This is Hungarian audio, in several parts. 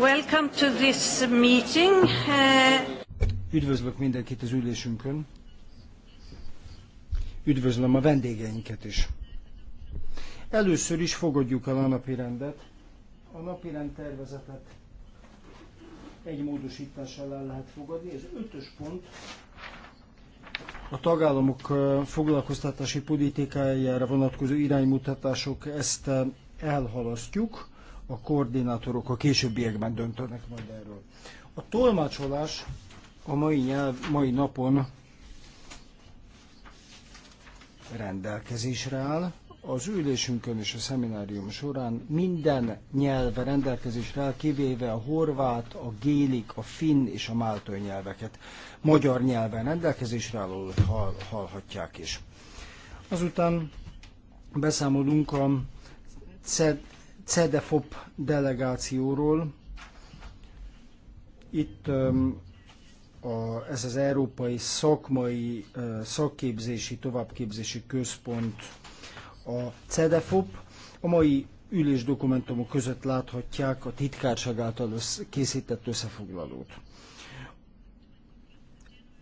Welcome to this meeting. Uh, Üdvözlök mindenkit az ülésünkön. Üdvözlöm a vendégeinket is. Először is fogadjuk el a napi rendet. A napi rend tervezetet egy módosítással el lehet fogadni. Ez ötös pont a tagállamok foglalkoztatási politikájára vonatkozó iránymutatások ezt elhalasztjuk a koordinátorok a későbbiekben döntenek majd erről. A tolmácsolás a mai, nyelv, mai napon rendelkezésre áll. Az ülésünkön és a szeminárium során minden nyelv rendelkezésre áll, kivéve a horvát, a gélik, a finn és a máltai nyelveket. Magyar nyelven rendelkezésre álló hall, hallhatják is. Azután beszámolunk a CEDEFOP delegációról. Itt a, ez az Európai Szakmai Szakképzési Továbbképzési Központ a CEDEFOP. A mai ülés dokumentumok között láthatják a titkárság által össz, készített összefoglalót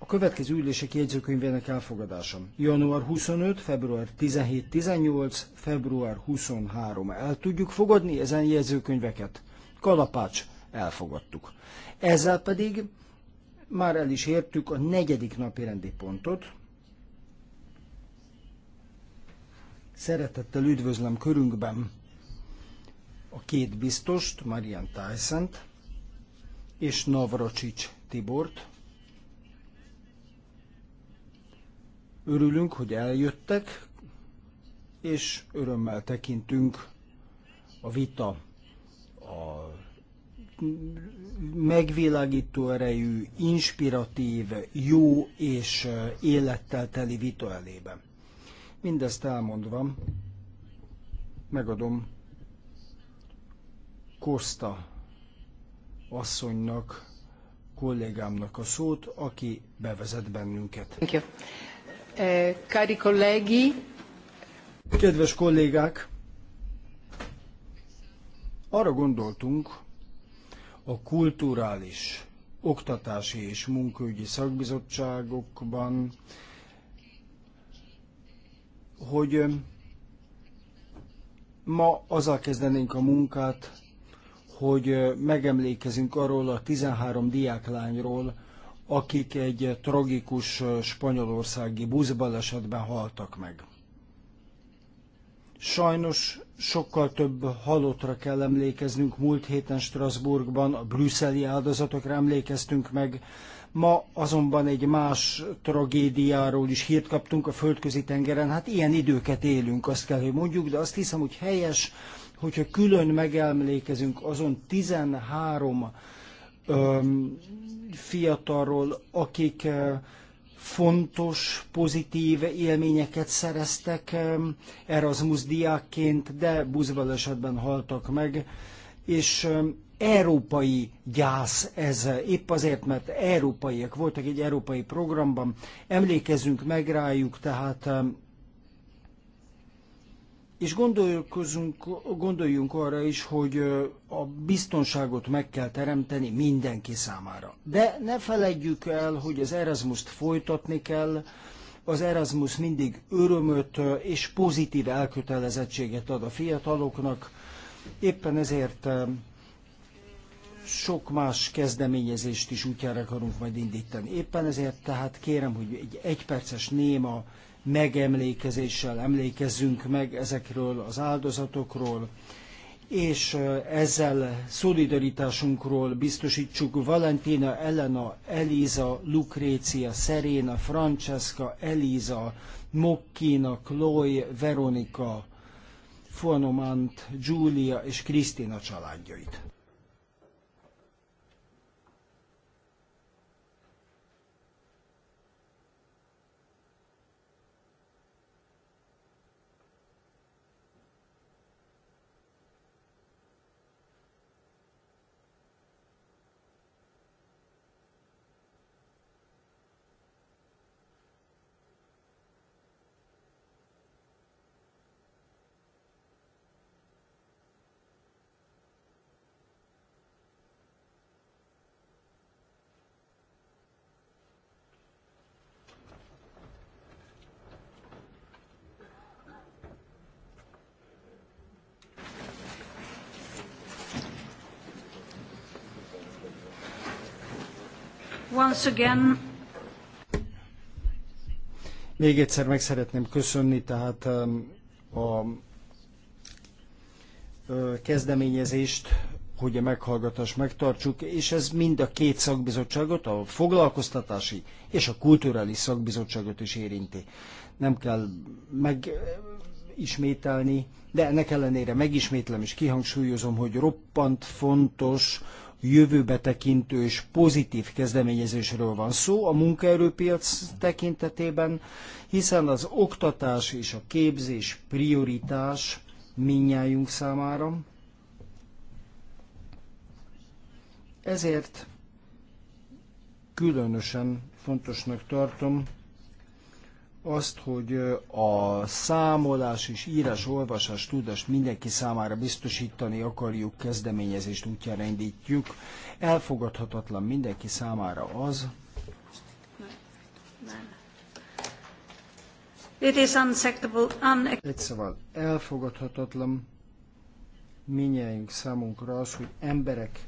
következő ülések jegyzőkönyvének elfogadása. Január 25, február 17-18, február 23. El tudjuk fogadni ezen jegyzőkönyveket? Kalapács, elfogadtuk. Ezzel pedig már el is értük a negyedik napi rendi pontot. Szeretettel üdvözlöm körünkben a két biztost, Marian tyson és Navracsics Tibort, Örülünk, hogy eljöttek, és örömmel tekintünk a vita a megvilágító erejű, inspiratív, jó és élettel teli vita elébe. Mindezt elmondva, megadom Kosta asszonynak, kollégámnak a szót, aki bevezet bennünket. Thank you. Eh, cari colleghi. Kedves kollégák, arra gondoltunk, a kulturális, oktatási és munkaügyi szakbizottságokban, hogy eh, ma azzal kezdenénk a munkát, hogy eh, megemlékezünk arról a 13 diáklányról, akik egy tragikus spanyolországi buszbalesetben haltak meg. Sajnos sokkal több halottra kell emlékeznünk. Múlt héten Strasbourgban a brüsszeli áldozatokra emlékeztünk meg. Ma azonban egy más tragédiáról is hírt kaptunk a földközi tengeren. Hát ilyen időket élünk, azt kell, hogy mondjuk, de azt hiszem, hogy helyes, hogyha külön megemlékezünk azon 13 fiatalról, akik fontos, pozitív élményeket szereztek Erasmus diákként, de esetben haltak meg, és európai gyász ez, épp azért, mert európaiak voltak egy európai programban, emlékezzünk meg rájuk, tehát és gondolkozunk, gondoljunk arra is, hogy a biztonságot meg kell teremteni mindenki számára. De ne feledjük el, hogy az Erasmus-t folytatni kell, az Erasmus mindig örömöt és pozitív elkötelezettséget ad a fiataloknak, éppen ezért sok más kezdeményezést is útjára akarunk majd indítani. Éppen ezért tehát kérem, hogy egy egyperces néma megemlékezéssel emlékezzünk meg ezekről az áldozatokról, és ezzel szolidaritásunkról biztosítsuk Valentina, Elena, Eliza, Lucrécia, Serena, Francesca, Eliza, Mokkina, Chloe, Veronika, Fonomant, Giulia és Krisztina családjait. Még egyszer meg szeretném köszönni tehát um, a kezdeményezést, hogy a meghallgatást megtartsuk, és ez mind a két szakbizottságot, a foglalkoztatási és a kulturális szakbizottságot is érinti. Nem kell megismételni, de ennek ellenére megismétlem és kihangsúlyozom, hogy roppant fontos, jövőbe tekintő és pozitív kezdeményezésről van szó a munkaerőpiac tekintetében, hiszen az oktatás és a képzés prioritás minnyájunk számára. Ezért különösen fontosnak tartom, azt, hogy a számolás és írás-olvasás tudást mindenki számára biztosítani akarjuk, kezdeményezést útjára indítjuk. Elfogadhatatlan mindenki számára az, It is unacceptable. Egy szóval elfogadhatatlan minnyeink számunkra az, hogy emberek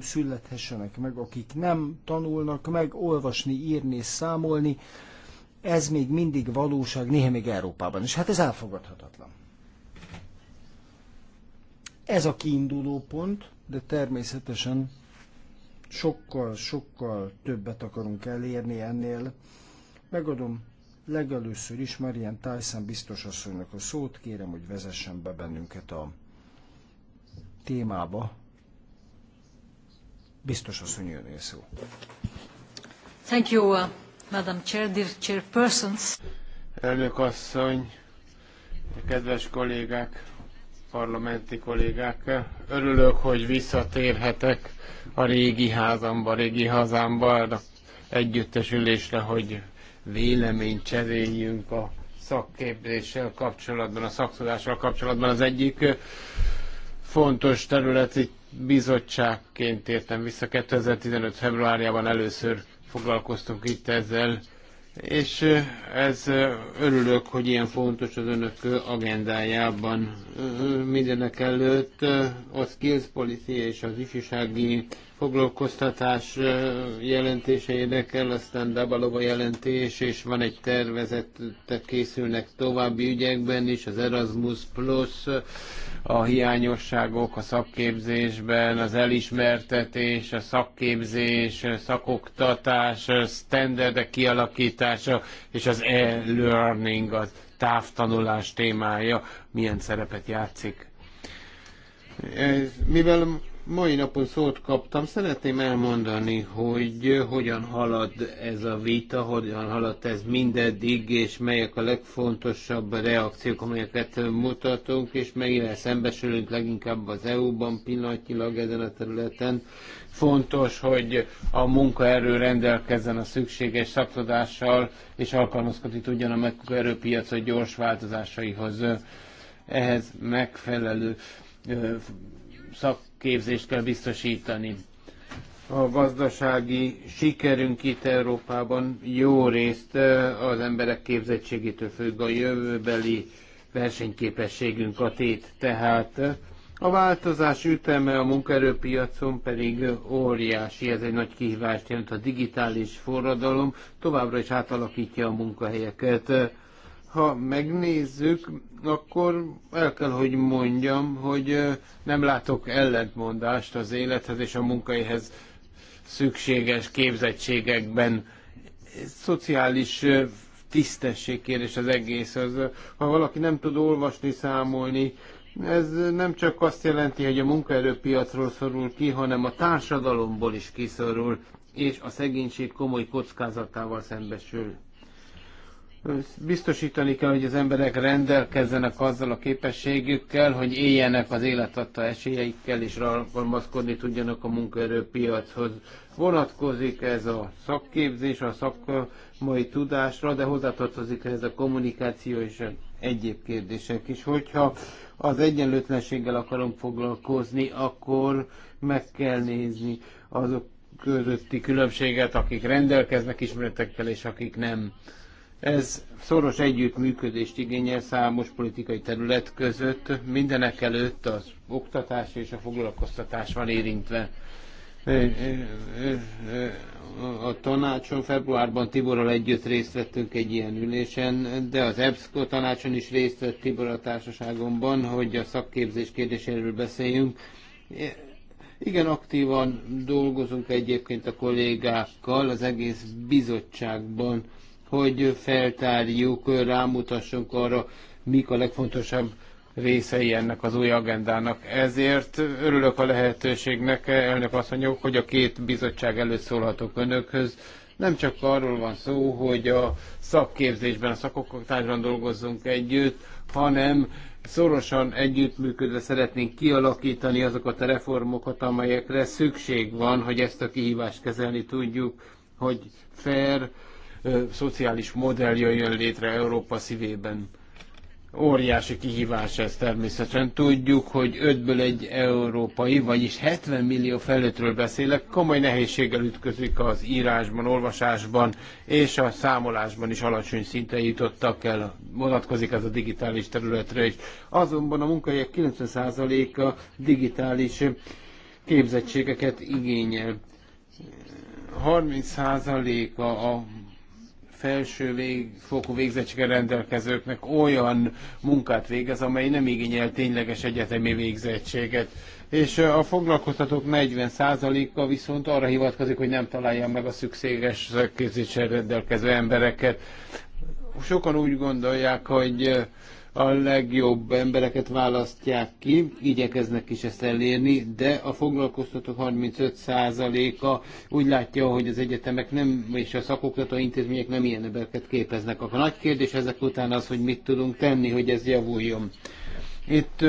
születhessenek meg, akik nem tanulnak meg olvasni, írni és számolni, ez még mindig valóság néha még Európában, és hát ez elfogadhatatlan. Ez a kiinduló pont, de természetesen sokkal-sokkal többet akarunk elérni ennél. Megadom legelőször is Marian Tyson biztos asszonynak a szót, kérem, hogy vezessen be bennünket a témába. Biztos asszony jön szó. Thank you. Uh, Elnök asszony, kedves kollégák, parlamenti kollégák, örülök, hogy visszatérhetek a régi házamba, régi hazámba, a együttesülésre, hogy véleményt cseréljünk a szakképzéssel kapcsolatban, a szaktudással kapcsolatban. Az egyik fontos terület itt bizottságként értem vissza. 2015. februárjában először foglalkoztunk itt ezzel, és ez örülök, hogy ilyen fontos az önök agendájában. Mindenek előtt a skills policy és az ifjúsági foglalkoztatás jelentése érdekel, aztán Dabalova jelentés, és van egy tervezet, készülnek további ügyekben is, az Erasmus Plus, a hiányosságok a szakképzésben, az elismertetés, a szakképzés, szakoktatás, standardek kialakítása, és az e-learning, a távtanulás témája milyen szerepet játszik. Mivel mai napon szót kaptam. Szeretném elmondani, hogy hogyan halad ez a vita, hogyan halad ez mindeddig, és melyek a legfontosabb reakciók, amelyeket mutatunk, és melyre szembesülünk leginkább az EU-ban pillanatnyilag ezen a területen. Fontos, hogy a munkaerő rendelkezzen a szükséges szaktudással, és alkalmazkodni tudjon a munkaerőpiac a gyors változásaihoz. Ehhez megfelelő szak képzést kell biztosítani. A gazdasági sikerünk itt Európában jó részt az emberek képzettségétől függ a jövőbeli versenyképességünk a tét. Tehát a változás üteme a munkaerőpiacon pedig óriási, ez egy nagy kihívást jelent a digitális forradalom, továbbra is átalakítja a munkahelyeket ha megnézzük, akkor el kell, hogy mondjam, hogy nem látok ellentmondást az élethez és a munkaihez szükséges képzettségekben. Szociális tisztességkérdés az egész. Az, ha valaki nem tud olvasni, számolni, ez nem csak azt jelenti, hogy a munkaerőpiacról szorul ki, hanem a társadalomból is kiszorul, és a szegénység komoly kockázatával szembesül. Biztosítani kell, hogy az emberek rendelkezzenek azzal a képességükkel, hogy éljenek az életadta esélyeikkel, és alkalmazkodni tudjanak a munkaerőpiachoz. Vonatkozik ez a szakképzés, a szakmai tudásra, de hozzátartozik ez a kommunikáció és egyéb kérdések is. Hogyha az egyenlőtlenséggel akarunk foglalkozni, akkor meg kell nézni azok közötti különbséget, akik rendelkeznek ismeretekkel, és akik nem ez szoros együttműködést igényel számos politikai terület között. Mindenek előtt az oktatás és a foglalkoztatás van érintve. A tanácson februárban Tiborral együtt részt vettünk egy ilyen ülésen, de az EBSZKO tanácson is részt vett Tibor a társaságomban, hogy a szakképzés kérdéséről beszéljünk. Igen, aktívan dolgozunk egyébként a kollégákkal az egész bizottságban hogy feltárjuk, rámutassunk arra, mik a legfontosabb részei ennek az új agendának. Ezért örülök a lehetőségnek, elnök asszonyok, hogy a két bizottság előtt szólhatok önökhöz. Nem csak arról van szó, hogy a szakképzésben, a szakoktatásban dolgozzunk együtt, hanem szorosan együttműködve szeretnénk kialakítani azokat a reformokat, amelyekre szükség van, hogy ezt a kihívást kezelni tudjuk, hogy fair, szociális modell jöjjön létre Európa szívében. Óriási kihívás ez természetesen. Tudjuk, hogy ötből egy európai, vagyis 70 millió felnőttről beszélek, komoly nehézséggel ütközik az írásban, olvasásban és a számolásban is alacsony szintre jutottak el. Vonatkozik ez a digitális területre is. Azonban a munkahelyek 90%-a digitális képzettségeket igényel. 30%-a a felső vég, fokú végzettséggel rendelkezőknek olyan munkát végez, amely nem igényel tényleges egyetemi végzettséget. És a foglalkoztatók 40%-a viszont arra hivatkozik, hogy nem találja meg a szükséges képzéssel rendelkező embereket. Sokan úgy gondolják, hogy a legjobb embereket választják ki, igyekeznek is ezt elérni, de a foglalkoztatók 35%-a úgy látja, hogy az egyetemek nem, és a szakoktató intézmények nem ilyen embereket képeznek. A nagy kérdés ezek után az, hogy mit tudunk tenni, hogy ez javuljon. Itt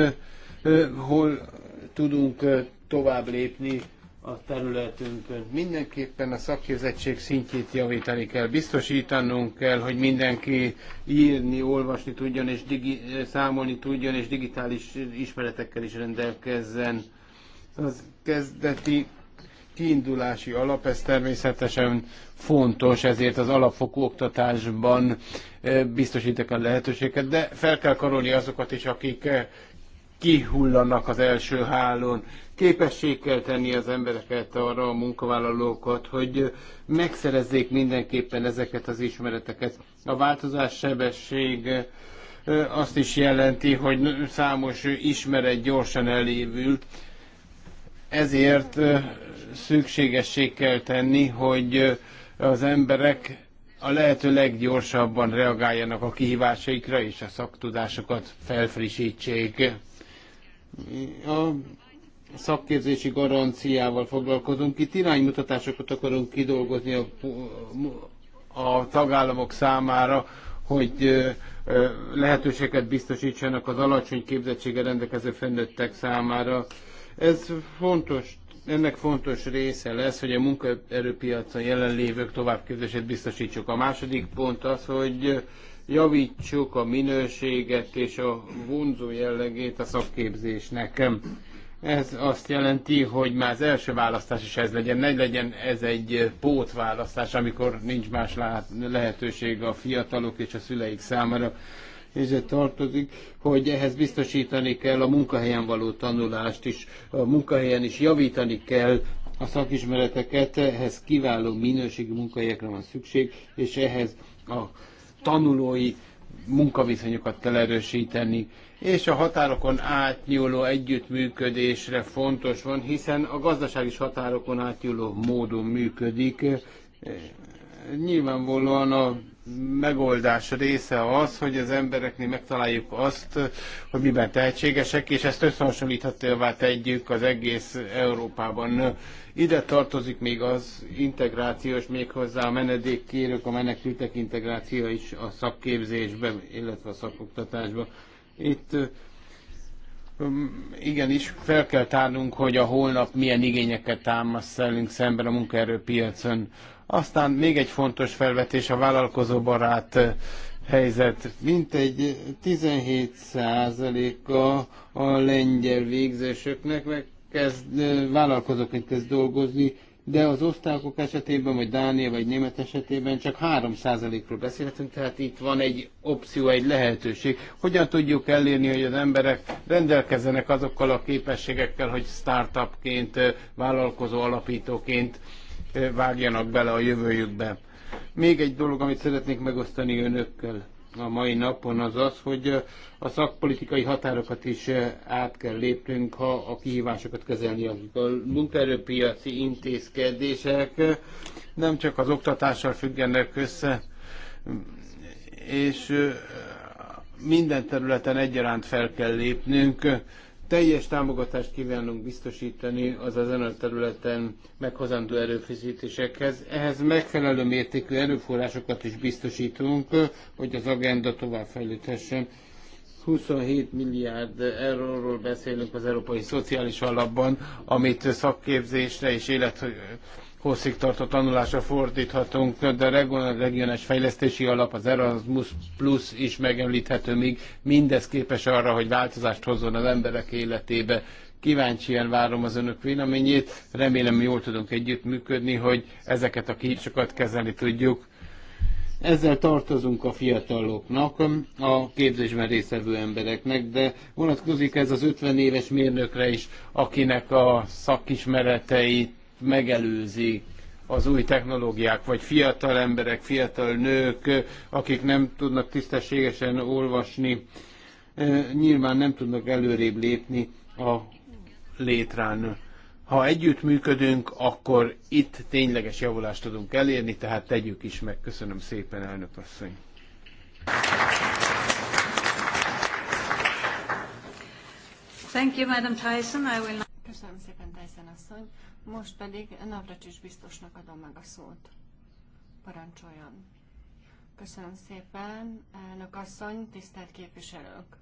hol tudunk tovább lépni, a területünkön. Mindenképpen a szakképzettség szintjét javítani kell, biztosítanunk kell, hogy mindenki írni, olvasni tudjon, és digi- számolni tudjon, és digitális ismeretekkel is rendelkezzen. Az kezdeti kiindulási alap, ez természetesen fontos, ezért az alapfokú oktatásban eh, biztosítják a lehetőséget, de fel kell karolni azokat is, akik eh, kihullanak az első hálón. Képesség kell tenni az embereket arra, a munkavállalókat, hogy megszerezzék mindenképpen ezeket az ismereteket. A változás sebesség azt is jelenti, hogy számos ismeret gyorsan elévül, ezért szükségesség kell tenni, hogy az emberek a lehető leggyorsabban reagáljanak a kihívásaikra, és a szaktudásokat felfrissítsék. A szakképzési garanciával foglalkozunk. Itt iránymutatásokat akarunk kidolgozni a, a tagállamok számára, hogy lehetőséget biztosítsanak az alacsony képzettsége rendelkező felnőttek számára. Ez fontos, ennek fontos része lesz, hogy a munkaerőpiacon jelenlévők továbbképzését biztosítsuk. A második pont az, hogy javítsuk a minőséget és a vonzó jellegét a szakképzésnek. Ez azt jelenti, hogy már az első választás is ez legyen, ne legyen ez egy pótválasztás, amikor nincs más lehetőség a fiatalok és a szüleik számára. És ez tartozik, hogy ehhez biztosítani kell a munkahelyen való tanulást is, a munkahelyen is javítani kell a szakismereteket, ehhez kiváló minőségi munkahelyekre van szükség, és ehhez a tanulói munkaviszonyokat kell erősíteni, és a határokon átnyúló együttműködésre fontos van, hiszen a gazdaság is határokon átnyúló módon működik. Nyilvánvalóan a megoldás része az, hogy az embereknél megtaláljuk azt, hogy miben tehetségesek, és ezt összehasonlíthatóvá tegyük az egész Európában. Ide tartozik még az integráció, és méghozzá a menedékkérők, a menekültek integráció is a szakképzésbe, illetve a szakoktatásba. Itt um, igenis fel kell tárnunk, hogy a holnap milyen igényeket támaszt szemben a munkaerőpiacon aztán még egy fontos felvetés a vállalkozóbarát eh, helyzet. Mintegy 17%-a a lengyel végzősöknek kezd, eh, vállalkozóként kezd dolgozni, de az osztályok esetében, vagy Dánia, vagy Német esetében csak 3%-ról beszélhetünk, tehát itt van egy opció, egy lehetőség. Hogyan tudjuk elérni, hogy az emberek rendelkezzenek azokkal a képességekkel, hogy startupként, eh, vállalkozó alapítóként vágjanak bele a jövőjükbe. Még egy dolog, amit szeretnék megosztani önökkel a mai napon, az az, hogy a szakpolitikai határokat is át kell lépnünk, ha a kihívásokat kezelni akik a munkaerőpiaci intézkedések nem csak az oktatással függenek össze, és minden területen egyaránt fel kell lépnünk, teljes támogatást kívánunk biztosítani az ezen a területen meghozandó erőfeszítésekhez. Ehhez megfelelő mértékű erőforrásokat is biztosítunk, hogy az agenda fejlődhessen. 27 milliárd euróról beszélünk az Európai Szociális Alapban, amit szakképzésre és élet hosszig tartó tanulásra fordíthatunk, de a regionális fejlesztési alap, az Erasmus Plus is megemlíthető még, mindez képes arra, hogy változást hozzon az emberek életébe. Kíváncsian várom az önök véleményét, remélem jól tudunk együttműködni, hogy ezeket a kihívásokat kezelni tudjuk. Ezzel tartozunk a fiataloknak, a képzésben résztvevő embereknek, de vonatkozik ez az 50 éves mérnökre is, akinek a szakismereteit megelőzi az új technológiák, vagy fiatal emberek, fiatal nők, akik nem tudnak tisztességesen olvasni, e, nyilván nem tudnak előrébb lépni a létrán. Ha együttműködünk, akkor itt tényleges javulást tudunk elérni, tehát tegyük is meg. Köszönöm szépen, elnök asszony. Thank you, Madam Tyson. I will... Köszönöm szépen, Tyson asszony. Most pedig Navracsis biztosnak adom meg a szót. Parancsoljon. Köszönöm szépen, elnök asszony, tisztelt képviselők!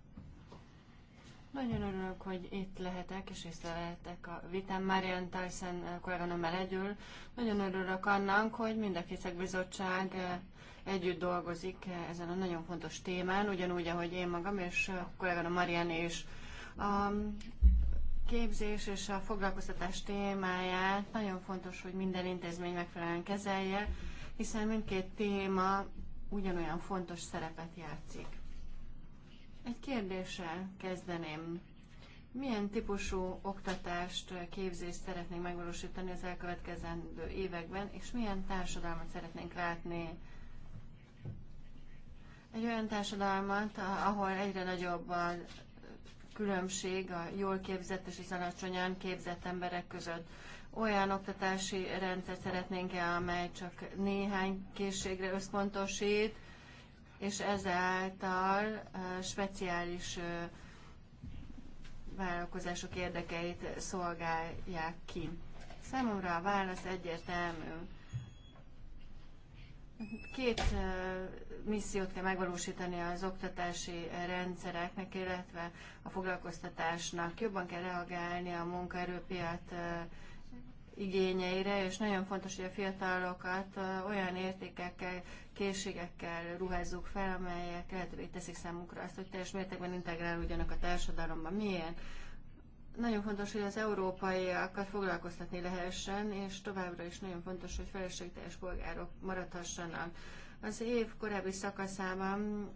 Nagyon örülök, hogy itt lehetek, és észrevehetek a vitán Marian Tyson kolléganommal együl. Nagyon örülök annak, hogy mind a két bizottság eh, együtt dolgozik eh, ezen a nagyon fontos témán, ugyanúgy, ahogy én magam és a eh, kolléganom Marian is. A képzés és a foglalkoztatás témáját nagyon fontos, hogy minden intézmény megfelelően kezelje, hiszen mindkét téma ugyanolyan fontos szerepet játszik. Egy kérdéssel kezdeném. Milyen típusú oktatást, képzést szeretnénk megvalósítani az elkövetkezendő években, és milyen társadalmat szeretnénk látni? Egy olyan társadalmat, ahol egyre nagyobb a különbség a jól képzett és az alacsonyan képzett emberek között. Olyan oktatási rendszer szeretnénk el, amely csak néhány készségre összpontosít, és ezáltal speciális vállalkozások érdekeit szolgálják ki. Számomra a válasz egyértelmű Két missziót kell megvalósítani az oktatási rendszereknek, illetve a foglalkoztatásnak. Jobban kell reagálni a munkaerőpiac igényeire, és nagyon fontos, hogy a fiatalokat olyan értékekkel, készségekkel ruházzuk fel, amelyek lehetővé teszik számukra azt, hogy teljes mértékben integrálódjanak a társadalomba. Milyen nagyon fontos, hogy az európaiakat foglalkoztatni lehessen, és továbbra is nagyon fontos, hogy felelősségteljes polgárok maradhassanak. Az év korábbi szakaszában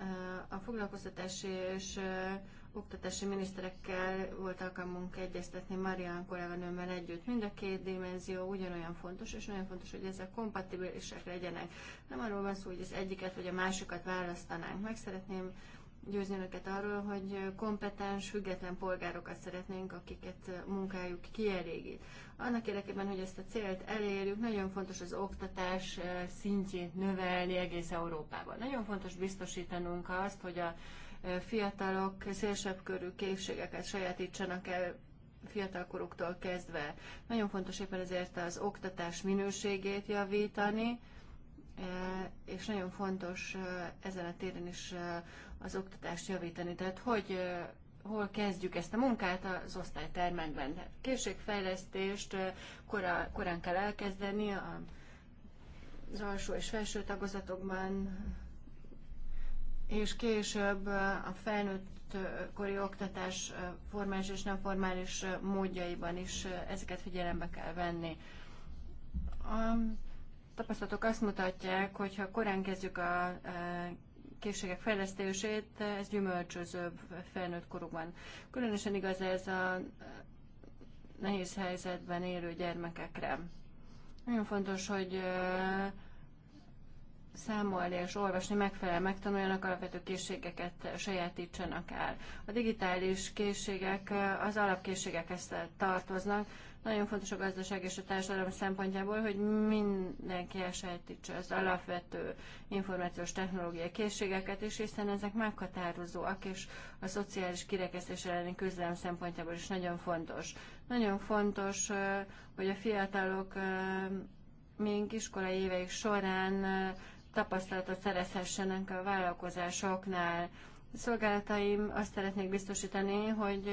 eh, a foglalkoztatási és eh, oktatási miniszterekkel volt alkalmunk egyeztetni Marian kolléganőmmel együtt. Mind a két dimenzió ugyanolyan fontos, és nagyon fontos, hogy ezek kompatibilisek legyenek. Nem arról van szó, hogy az egyiket vagy a másikat választanánk. Meg szeretném győzni önöket arról, hogy kompetens, független polgárokat szeretnénk, akiket munkájuk kielégít. Annak érdekében, hogy ezt a célt elérjük, nagyon fontos az oktatás eh, szintjét növelni egész Európában. Nagyon fontos biztosítanunk azt, hogy a eh, fiatalok szélsebb körű készségeket sajátítsanak el fiatalkoruktól kezdve. Nagyon fontos éppen ezért az oktatás minőségét javítani, és nagyon fontos ezen a téren is az oktatást javítani. Tehát hogy hol kezdjük ezt a munkát az osztálytermekben. Hát készségfejlesztést korán, korán kell elkezdeni a, az alsó és felső tagozatokban, és később a felnőtt kori oktatás formális és nem formális módjaiban is ezeket figyelembe kell venni. A tapasztalatok azt mutatják, hogy ha korán kezdjük a készségek fejlesztését, ez gyümölcsözőbb felnőtt korukban. Különösen igaz ez a nehéz helyzetben élő gyermekekre. Nagyon fontos, hogy számolni és olvasni megfelel, megtanuljanak, alapvető készségeket sajátítsanak el. A digitális készségek az alapkészségekhez tartoznak, nagyon fontos a gazdaság és a társadalom szempontjából, hogy mindenki elsajátítsa az alapvető információs technológiai készségeket is, hiszen ezek meghatározóak, és a szociális kirekesztés elleni küzdelem szempontjából is nagyon fontos. Nagyon fontos, hogy a fiatalok még iskolai éveik során tapasztalatot szerezhessenek a vállalkozásoknál. Szolgálataim azt szeretnék biztosítani, hogy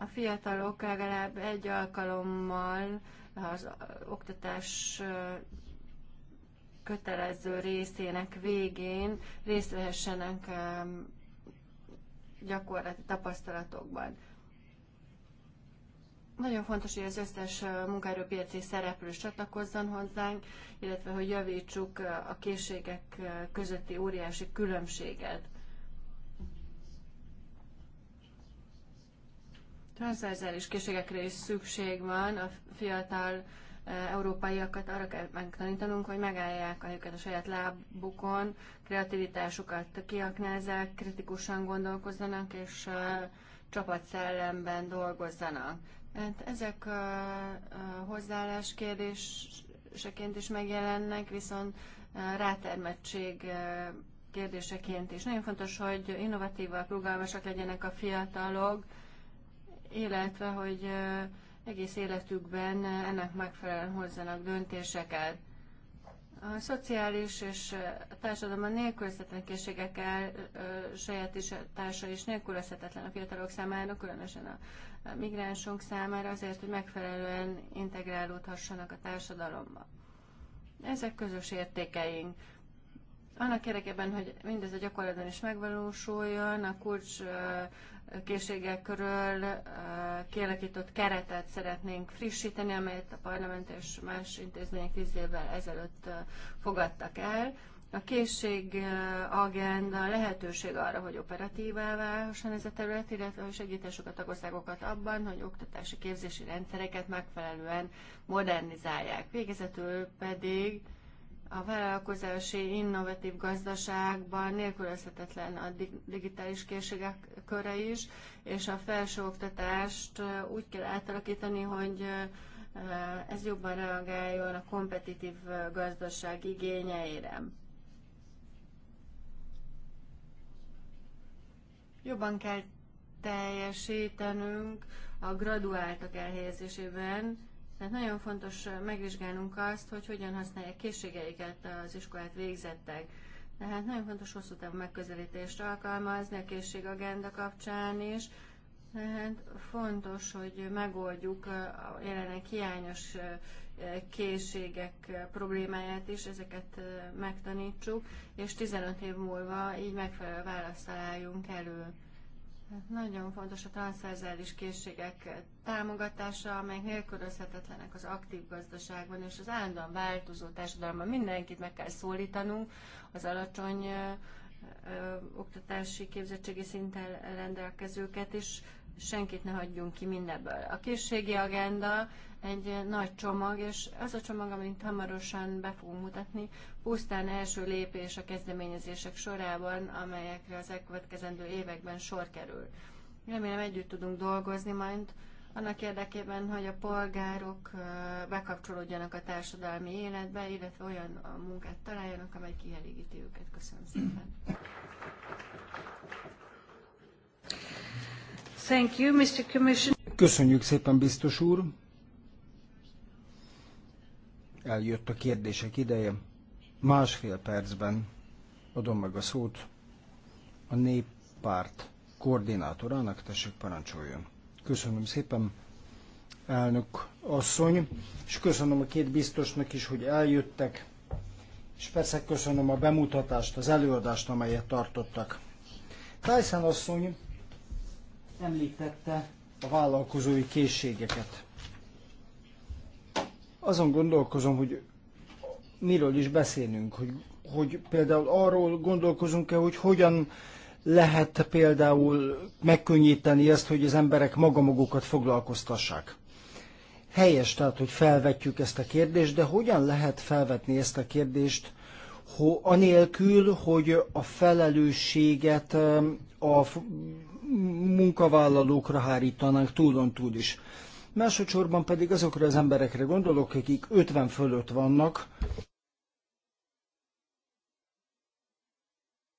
a fiatalok legalább egy alkalommal az oktatás kötelező részének végén részt vehessenek gyakorlati tapasztalatokban. Nagyon fontos, hogy az összes munkaerőpiaci szereplő csatlakozzon hozzánk, illetve hogy javítsuk a készségek közötti óriási különbséget. transzverzális készségekre is szükség van, a fiatal e, európaiakat arra kell megtanítanunk, hogy megállják a helyüket a saját lábukon, kreativitásukat kiaknázzák, kritikusan gondolkozzanak és e, csapatszellemben dolgozzanak. Hát ezek a, a hozzáállás kérdéseként is megjelennek, viszont e, rátermettség kérdéseként is. Nagyon fontos, hogy innovatívak, rugalmasak legyenek a fiatalok, illetve hogy egész életükben ennek megfelelően hozzanak döntéseket. A szociális és a társadalomban nélkülözhetetlen készségekkel társa is nélkülözhetetlen a fiatalok számára, különösen a migránsok számára, azért, hogy megfelelően integrálódhassanak a társadalomba. Ezek közös értékeink. Annak érdekében, hogy mindez a gyakorlatban is megvalósuljon, a kulcs készségek körül kialakított keretet szeretnénk frissíteni, amelyet a parlament és más intézmények tíz évvel ezelőtt fogadtak el. A készség agenda lehetőség arra, hogy operatívá válhasson ez a terület, illetve hogy segítessük a tagországokat abban, hogy oktatási képzési rendszereket megfelelően modernizálják. Végezetül pedig a vállalkozási innovatív gazdaságban nélkülözhetetlen a digitális készségek köre is, és a felsőoktatást úgy kell átalakítani, hogy ez jobban reagáljon a kompetitív gazdaság igényeire. Jobban kell teljesítenünk a graduáltak elhelyezésében, tehát nagyon fontos megvizsgálnunk azt, hogy hogyan használják készségeiket az iskolát végzettek. Tehát nagyon fontos hosszú távú megközelítést alkalmazni a készségagenda kapcsán is. Tehát fontos, hogy megoldjuk a jelenleg hiányos készségek problémáját is, ezeket megtanítsuk, és 15 év múlva így megfelelő választ találjunk elő. Hát nagyon fontos a transzerzális készségek támogatása, amelyek nélkülözhetetlenek az aktív gazdaságban és az állandóan változó társadalomban. Mindenkit meg kell szólítanunk az alacsony ö, ö, oktatási képzettségi szinten rendelkezőket, és senkit ne hagyjunk ki mindebből. A készségi agenda egy nagy csomag, és az a csomag, amit hamarosan be fogunk mutatni, pusztán első lépés a kezdeményezések sorában, amelyekre az elkövetkezendő években sor kerül. Remélem együtt tudunk dolgozni majd, annak érdekében, hogy a polgárok bekapcsolódjanak a társadalmi életbe, illetve olyan munkát találjanak, amely kielégíti őket. Köszönöm szépen. Thank you, Mr. Commissioner. Köszönjük szépen, biztos úr eljött a kérdések ideje. Másfél percben adom meg a szót a néppárt koordinátorának, tessék parancsoljon. Köszönöm szépen, elnök asszony, és köszönöm a két biztosnak is, hogy eljöttek, és persze köszönöm a bemutatást, az előadást, amelyet tartottak. Tyson asszony említette a vállalkozói készségeket azon gondolkozom, hogy miről is beszélünk, hogy, hogy például arról gondolkozunk-e, hogy hogyan lehet például megkönnyíteni azt, hogy az emberek maga magukat foglalkoztassák. Helyes tehát, hogy felvetjük ezt a kérdést, de hogyan lehet felvetni ezt a kérdést, ho, anélkül, hogy a felelősséget a munkavállalókra hárítanánk túlon túl is másodszorban pedig azokra az emberekre gondolok, akik 50 fölött vannak,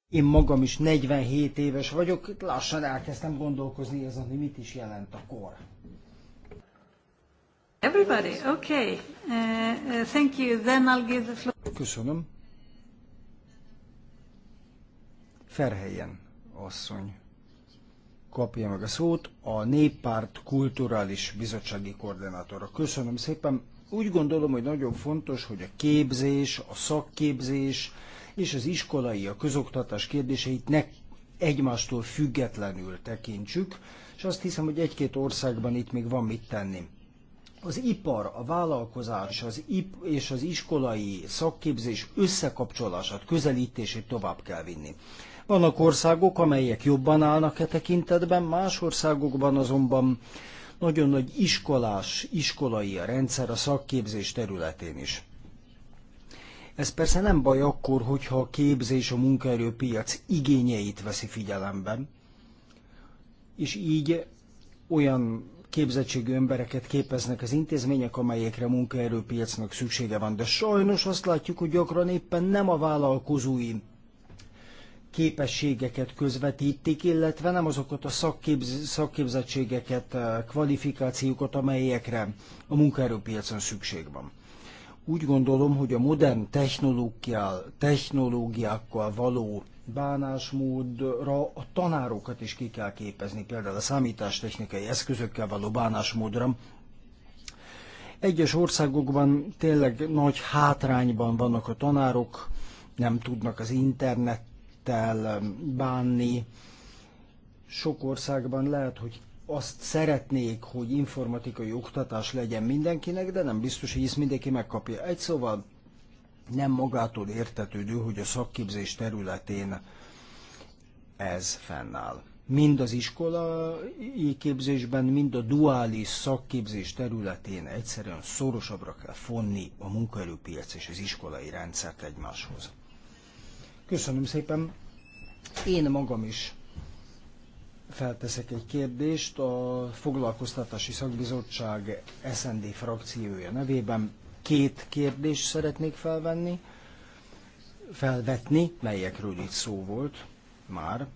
Én magam is 47 éves vagyok, lassan elkezdtem gondolkozni azon, hogy mit is jelent a kor. Everybody, okay. Uh, uh, thank you. Then I'll give the floor. Köszönöm. Ferhelyen, asszony kapja meg a szót a Néppárt Kulturális Bizottsági Koordinátora. Köszönöm szépen. Úgy gondolom, hogy nagyon fontos, hogy a képzés, a szakképzés és az iskolai, a közoktatás kérdéseit ne egymástól függetlenül tekintsük, és azt hiszem, hogy egy-két országban itt még van mit tenni. Az ipar, a vállalkozás az ip- és az iskolai szakképzés összekapcsolását, közelítését tovább kell vinni. Vannak országok, amelyek jobban állnak e tekintetben, más országokban azonban nagyon nagy iskolás, iskolai a rendszer a szakképzés területén is. Ez persze nem baj akkor, hogyha a képzés a munkaerőpiac igényeit veszi figyelembe, és így olyan képzettségű embereket képeznek az intézmények, amelyekre munkaerőpiacnak szüksége van. De sajnos azt látjuk, hogy gyakran éppen nem a vállalkozói képességeket közvetítik, illetve nem azokat a szakképz, szakképzettségeket, eh, kvalifikációkat, amelyekre a munkaerőpiacon szükség van. Úgy gondolom, hogy a modern technológiákkal való bánásmódra a tanárokat is ki kell képezni, például a számítástechnikai eszközökkel való bánásmódra, egyes országokban tényleg nagy hátrányban vannak a tanárok, nem tudnak az internet tisztelettel um, bánni. Sok országban lehet, hogy azt szeretnék, hogy informatikai oktatás legyen mindenkinek, de nem biztos, hogy ezt mindenki megkapja. Egy szóval nem magától értetődő, hogy a szakképzés területén ez fennáll. Mind az iskolai képzésben, mind a duális szakképzés területén egyszerűen szorosabbra kell fonni a munkaerőpiac és az iskolai rendszert egymáshoz. Köszönöm szépen. Én magam is felteszek egy kérdést a Foglalkoztatási Szakbizottság SND frakciója nevében. Két kérdést szeretnék felvenni, felvetni, melyekről itt szó volt már.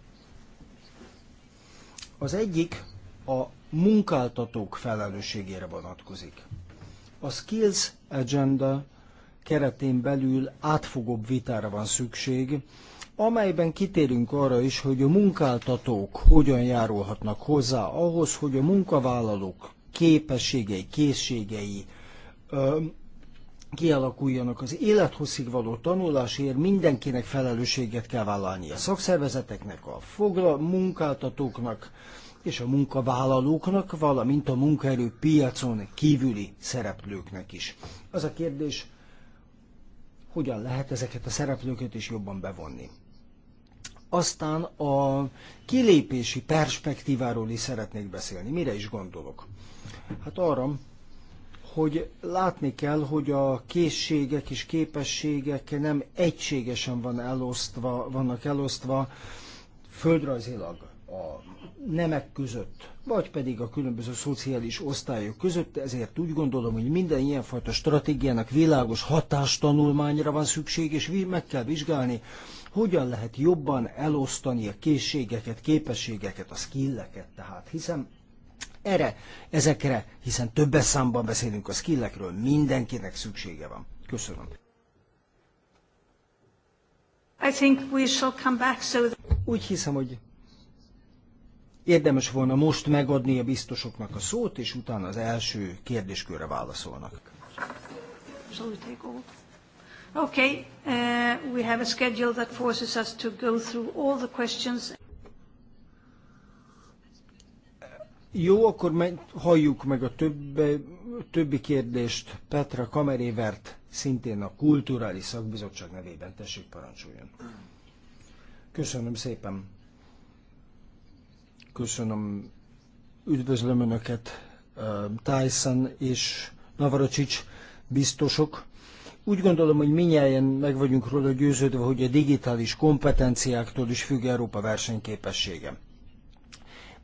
Az egyik a munkáltatók felelősségére vonatkozik. A Skills Agenda keretén belül átfogóbb vitára van szükség, amelyben kitérünk arra is, hogy a munkáltatók hogyan járulhatnak hozzá ahhoz, hogy a munkavállalók képességei, készségei ö, kialakuljanak. Az élethosszig való tanulásért mindenkinek felelősséget kell vállalni. A szakszervezeteknek, a fogla munkáltatóknak és a munkavállalóknak, valamint a munkaerő piacon kívüli szereplőknek is. Az a kérdés, hogyan lehet ezeket a szereplőket is jobban bevonni. Aztán a kilépési perspektíváról is szeretnék beszélni. Mire is gondolok? Hát arra, hogy látni kell, hogy a készségek és képességek nem egységesen van elosztva, vannak elosztva földrajzilag a nemek között, vagy pedig a különböző szociális osztályok között, ezért úgy gondolom, hogy minden ilyenfajta stratégiának világos hatástanulmányra van szükség, és meg kell vizsgálni, hogyan lehet jobban elosztani a készségeket, képességeket, a skilleket, tehát hiszen erre, ezekre, hiszen többes számban beszélünk a skillekről, mindenkinek szüksége van. Köszönöm. I think we shall come back so that... Úgy hiszem, hogy Érdemes volna most megadni a biztosoknak a szót, és utána az első kérdéskörre válaszolnak. Okay, uh, we have a schedule that forces us to go through all the questions. Jó, akkor meg, halljuk meg a többi, többi kérdést. Petra Kamerévert, szintén a Kulturális Szakbizottság nevében tessék parancsoljon. Köszönöm szépen. Köszönöm, üdvözlöm Önöket, eh, Tyson és Navaracsics biztosok. Úgy gondolom, hogy minnyáján meg vagyunk róla győződve, hogy a digitális kompetenciáktól is függ Európa versenyképessége.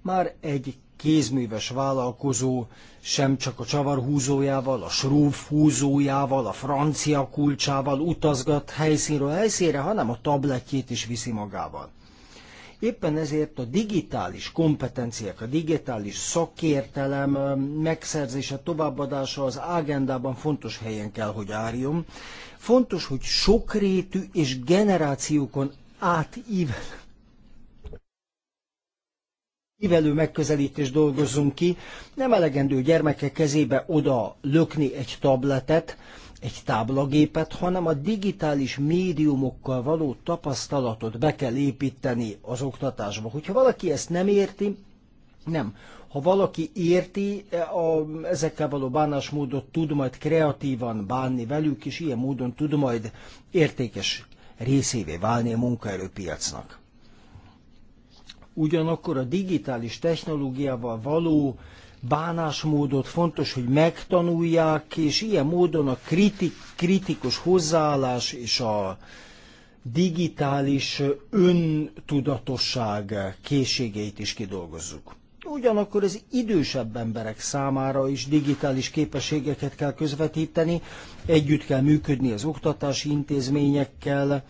Már egy kézműves vállalkozó sem csak a csavarhúzójával, a srófhúzójával, a francia kulcsával utazgat helyszínről helyszínre, hanem a tabletjét is viszi magával. Éppen ezért a digitális kompetenciák, a digitális szakértelem megszerzése, továbbadása az agendában fontos helyen kell, hogy álljon. Fontos, hogy sokrétű és generációkon átívelő ívelő megközelítést dolgozzunk ki. Nem elegendő gyermekek kezébe oda lökni egy tabletet, egy táblagépet, hanem a digitális médiumokkal való tapasztalatot be kell építeni az oktatásba. Hogyha valaki ezt nem érti, nem. Ha valaki érti, a, ezekkel való bánásmódot tud majd kreatívan bánni velük, és ilyen módon tud majd értékes részévé válni a munkaerőpiacnak. Ugyanakkor a digitális technológiával való bánásmódot, fontos, hogy megtanulják, és ilyen módon a kritik, kritikus hozzáállás és a digitális öntudatosság készségeit is kidolgozzuk. Ugyanakkor az idősebb emberek számára is digitális képességeket kell közvetíteni, együtt kell működni az oktatási intézményekkel,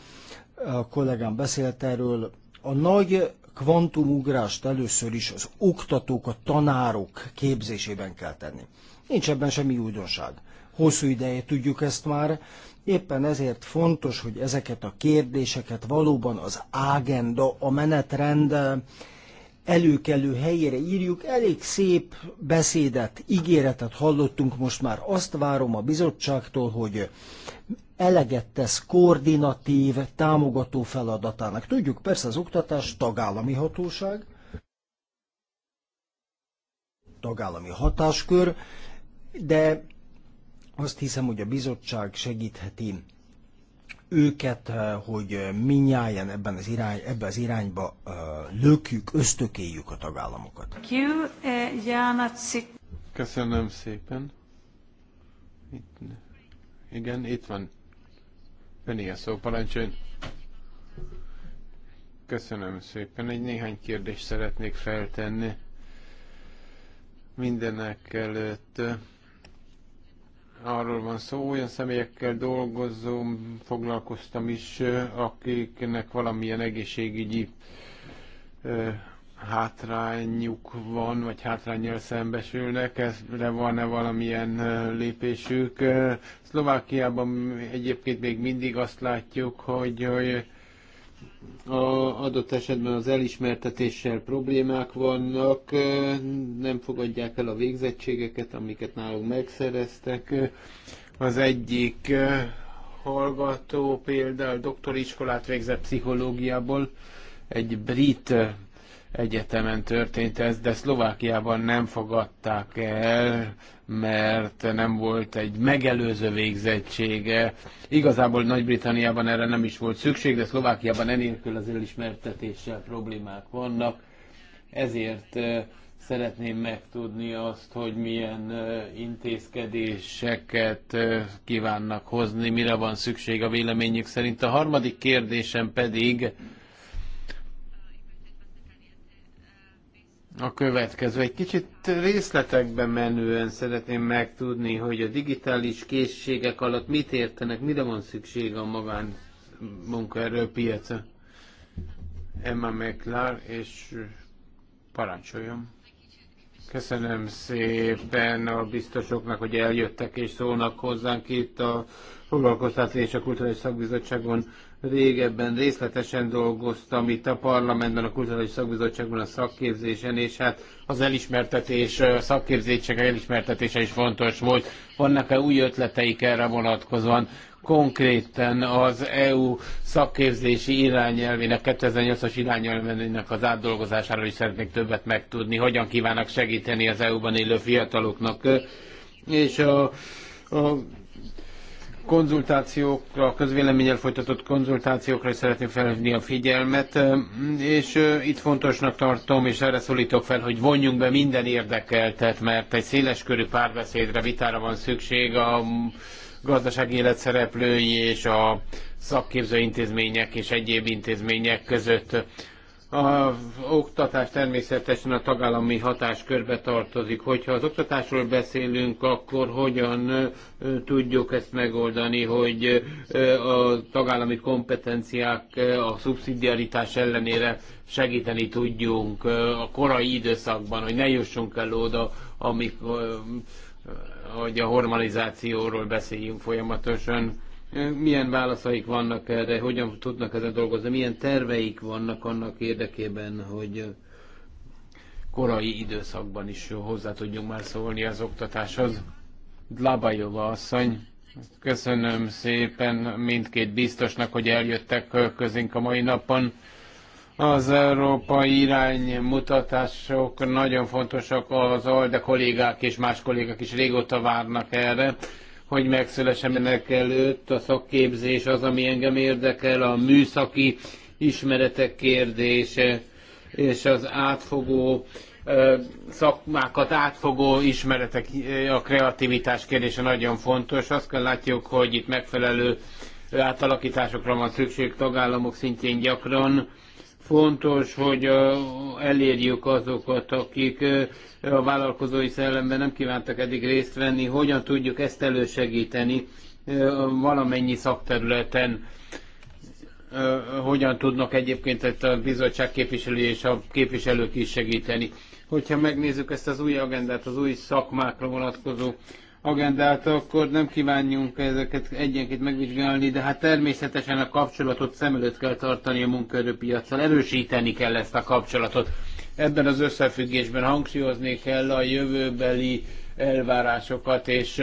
a kollégám beszélt erről, a nagy kvantumugrást először is az oktatók, a tanárok képzésében kell tenni. Nincs ebben semmi újdonság. Hosszú ideje tudjuk ezt már, éppen ezért fontos, hogy ezeket a kérdéseket valóban az ágenda, a menetrend előkelő helyére írjuk. Elég szép beszédet, ígéretet hallottunk most már. Azt várom a bizottságtól, hogy eleget tesz koordinatív, támogató feladatának. Tudjuk, persze az oktatás tagállami hatóság, tagállami hatáskör, de azt hiszem, hogy a bizottság segítheti őket, eh, hogy minnyáján ebben az, irány, ebben az irányba eh, lökjük, ösztökéljük a tagállamokat. Eh, Köszönöm szépen. Itt, igen, itt van Öné a szó, parancsoljon. Köszönöm szépen. Egy néhány kérdést szeretnék feltenni. Mindenek előtt eh, arról van szó, olyan személyekkel dolgozom, foglalkoztam is, eh, akiknek valamilyen egészségügyi eh, hátrányuk van, vagy hátrányjal szembesülnek, ezre van-e valamilyen lépésük. Szlovákiában egyébként még mindig azt látjuk, hogy, hogy a adott esetben az elismertetéssel problémák vannak, nem fogadják el a végzettségeket, amiket nálunk megszereztek. Az egyik hallgató például doktoriskolát végzett pszichológiából, egy brit egyetemen történt ez, de Szlovákiában nem fogadták el, mert nem volt egy megelőző végzettsége. Igazából Nagy-Britanniában erre nem is volt szükség, de Szlovákiában enélkül az elismertetéssel problémák vannak. Ezért eh, szeretném megtudni azt, hogy milyen eh, intézkedéseket eh, kívánnak hozni, mire van szükség a véleményük szerint. A harmadik kérdésem pedig, a következő. Egy kicsit részletekben menően szeretném megtudni, hogy a digitális készségek alatt mit értenek, mire van szükség a magán munkaerőpiacon. Emma McLar, és parancsoljon. Köszönöm szépen a biztosoknak, hogy eljöttek és szólnak hozzánk itt a foglalkoztatás és a kulturális szakbizottságon régebben részletesen dolgoztam itt a parlamentben, a Kulturális Szakbizottságban a szakképzésen, és hát az elismertetés, szakképzések elismertetése is fontos volt. Vannak-e új ötleteik erre vonatkozóan? konkrétan az EU szakképzési irányelvének, 2008-as irányelvének az átdolgozásáról is szeretnék többet megtudni, hogyan kívánnak segíteni az EU-ban élő fiataloknak. És a, a konzultációkra, a közvéleménnyel folytatott konzultációkra is szeretném felhívni a figyelmet, és itt fontosnak tartom, és erre szólítok fel, hogy vonjunk be minden érdekeltet, mert egy széleskörű párbeszédre, vitára van szükség a gazdasági élet szereplői és a szakképző intézmények és egyéb intézmények között a oktatás természetesen a tagállami hatáskörbe tartozik. Hogyha az oktatásról beszélünk, akkor hogyan tudjuk ezt megoldani, hogy a tagállami kompetenciák a szubszidiaritás ellenére segíteni tudjunk a korai időszakban, hogy ne jussunk el oda, amikor, hogy a hormonizációról beszéljünk folyamatosan milyen válaszaik vannak erre, hogyan tudnak ezen dolgozni, milyen terveik vannak annak érdekében, hogy korai időszakban is hozzá tudjunk már szólni az oktatáshoz. Dlabajova asszony, köszönöm szépen mindkét biztosnak, hogy eljöttek közénk a mai napon. Az európai iránymutatások nagyon fontosak, az ALDE kollégák és más kollégák is régóta várnak erre hogy megszülesem ennek előtt. A szakképzés az, ami engem érdekel, a műszaki ismeretek kérdése, és az átfogó szakmákat átfogó ismeretek, a kreativitás kérdése nagyon fontos. Azt kell látjuk, hogy itt megfelelő átalakításokra van szükség tagállamok szintjén gyakran Fontos, hogy elérjük azokat, akik a vállalkozói szellemben nem kívántak eddig részt venni, hogyan tudjuk ezt elősegíteni valamennyi szakterületen hogyan tudnak egyébként ezt a bizottság képviselői és a képviselők is segíteni. Hogyha megnézzük ezt az új agendát, az új szakmákra vonatkozó agendát, akkor nem kívánjunk ezeket egyenként megvizsgálni, de hát természetesen a kapcsolatot szem előtt kell tartani a munkaerőpiacsal, erősíteni kell ezt a kapcsolatot. Ebben az összefüggésben hangsúlyozni kell a jövőbeli elvárásokat és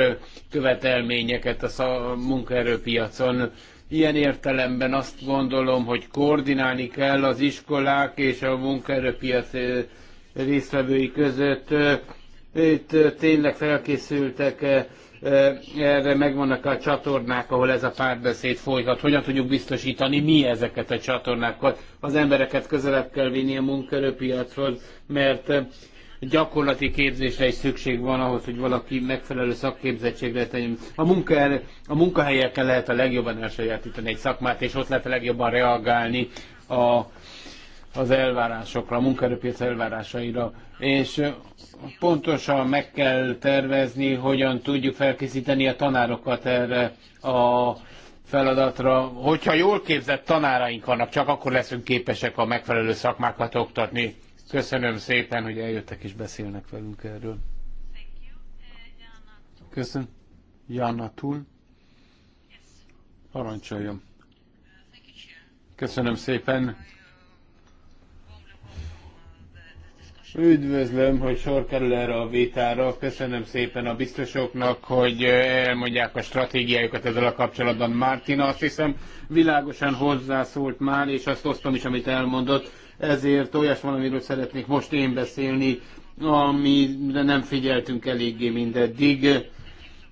követelményeket a munkaerőpiacon. Ilyen értelemben azt gondolom, hogy koordinálni kell az iskolák és a munkaerőpiac résztvevői között itt tényleg felkészültek erre megvannak a csatornák, ahol ez a párbeszéd folyhat. Hogyan tudjuk biztosítani mi ezeket a csatornákat? Az embereket közelebb kell vinni a munkaerőpiachoz, mert gyakorlati képzésre is szükség van ahhoz, hogy valaki megfelelő szakképzettségre tegyen. A, munka, a munkahelyeken lehet a legjobban elsajátítani egy szakmát, és ott lehet a legjobban reagálni a az elvárásokra, a munkaerőpiac elvárásaira, és pontosan meg kell tervezni, hogyan tudjuk felkészíteni a tanárokat erre a feladatra. Hogyha jól képzett tanáraink vannak, csak akkor leszünk képesek a megfelelő szakmákat oktatni. Köszönöm szépen, hogy eljöttek és beszélnek velünk erről. Köszönöm. Janna Túl. Parancsoljon. Köszönöm szépen. Üdvözlöm, hogy sor kerül erre a vitára. Köszönöm szépen a biztosoknak, hogy eh, elmondják a stratégiájukat ezzel a kapcsolatban. Mártina azt hiszem világosan hozzászólt már, és azt osztom is, amit elmondott. Ezért olyas valamiről szeretnék most én beszélni, amire nem figyeltünk eléggé mindeddig.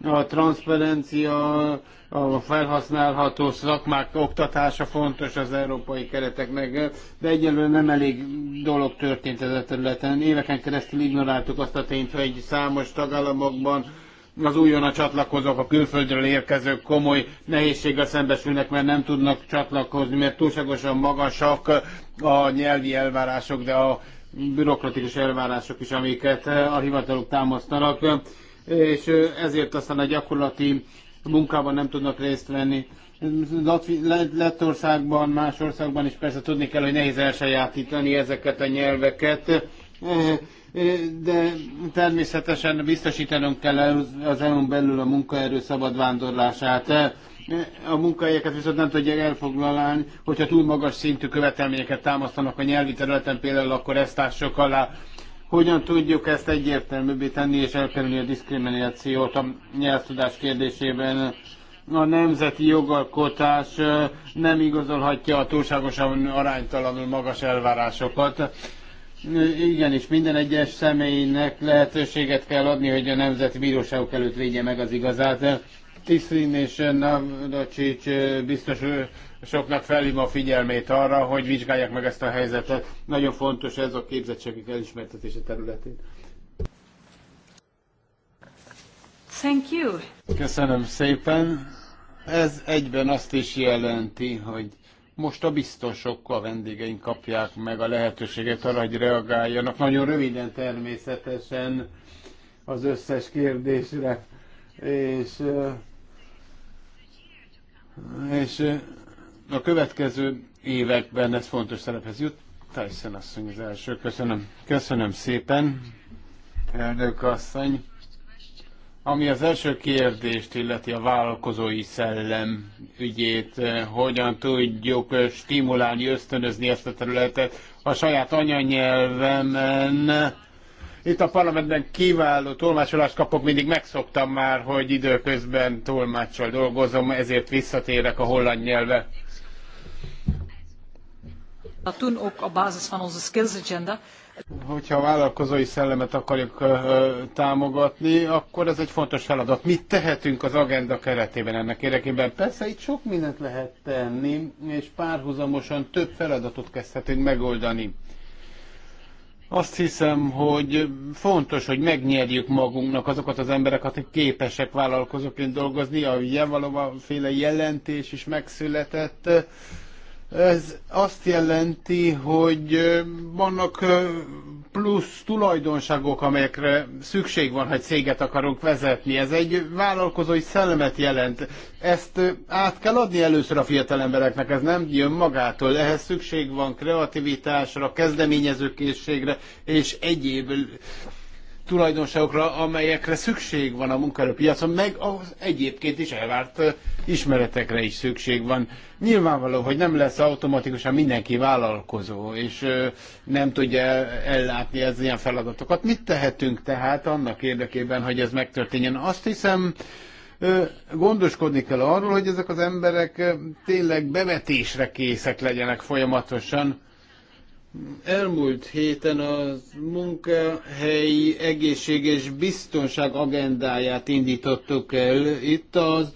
A transzparencia a felhasználható szakmák oktatása fontos az európai meg, de egyelőre nem elég dolog történt ez a területen. Éveken keresztül ignoráltuk azt a tényt, hogy számos tagállamokban az újonnan csatlakozók, a külföldről érkezők komoly nehézséggel szembesülnek, mert nem tudnak csatlakozni, mert túlságosan magasak a nyelvi elvárások, de a bürokratikus elvárások is, amiket a hivatalok támasztanak és ezért aztán a gyakorlati munkában nem tudnak részt venni. Lettországban, más országban is persze tudni kell, hogy nehéz elsajátítani ezeket a nyelveket, e, e, de természetesen biztosítanunk kell az eu belül a munkaerő szabad vándorlását. E, a munkahelyeket viszont nem tudják elfoglalni, hogyha túl magas szintű követelményeket támasztanak a nyelvi területen például, akkor ezt ássok alá hogyan tudjuk ezt egyértelműbbé tenni és elkerülni a diszkriminációt a nyelvtudás kérdésében? A nemzeti jogalkotás nem igazolhatja a túlságosan aránytalanul magas elvárásokat. Igen, és minden egyes személynek lehetőséget kell adni, hogy a Nemzeti Bíróságok előtt védje meg az igazát. Tiszin és Navracsics biztos soknak felhívom a figyelmét arra, hogy vizsgálják meg ezt a helyzetet. Nagyon fontos ez a képzettségük elismertetése területén. Thank you. Köszönöm szépen. Ez egyben azt is jelenti, hogy most a biztosok, a vendégeink kapják meg a lehetőséget arra, hogy reagáljanak. Nagyon röviden természetesen az összes kérdésre. És, és a következő években ez fontos szerephez jut. Tyson asszony az első. Köszönöm. Köszönöm szépen, elnök asszony. Ami az első kérdést illeti a vállalkozói szellem ügyét, eh, hogyan tudjuk eh, stimulálni, ösztönözni ezt a területet a saját anyanyelvemen. Itt a parlamentben kiváló tolmácsolást kapok, mindig megszoktam már, hogy időközben tolmácsol dolgozom, ezért visszatérek a holland nyelve. Hogyha a vállalkozói szellemet akarjuk támogatni, akkor ez egy fontos feladat. Mit tehetünk az agenda keretében ennek érdekében? Persze itt sok mindent lehet tenni, és párhuzamosan több feladatot kezdhetünk megoldani. Azt hiszem, hogy fontos, hogy megnyerjük magunknak azokat az embereket, akik képesek vállalkozóként dolgozni. A Jevalova féle jelentés is megszületett ez azt jelenti, hogy vannak plusz tulajdonságok, amelyekre szükség van, ha egy céget akarunk vezetni. Ez egy vállalkozói szellemet jelent. Ezt át kell adni először a fiatal embereknek, ez nem jön magától. Ehhez szükség van kreativitásra, kezdeményezőkészségre és egyéb tulajdonságokra, amelyekre szükség van a munkaerőpiacon, meg az egyébként is elvárt ismeretekre is szükség van. Nyilvánvaló, hogy nem lesz automatikusan mindenki vállalkozó, és nem tudja ellátni ez ilyen feladatokat. Mit tehetünk tehát annak érdekében, hogy ez megtörténjen? Azt hiszem, gondoskodni kell arról, hogy ezek az emberek tényleg bevetésre készek legyenek folyamatosan, Elmúlt héten a munkahelyi egészség és biztonság agendáját indítottuk el. Itt az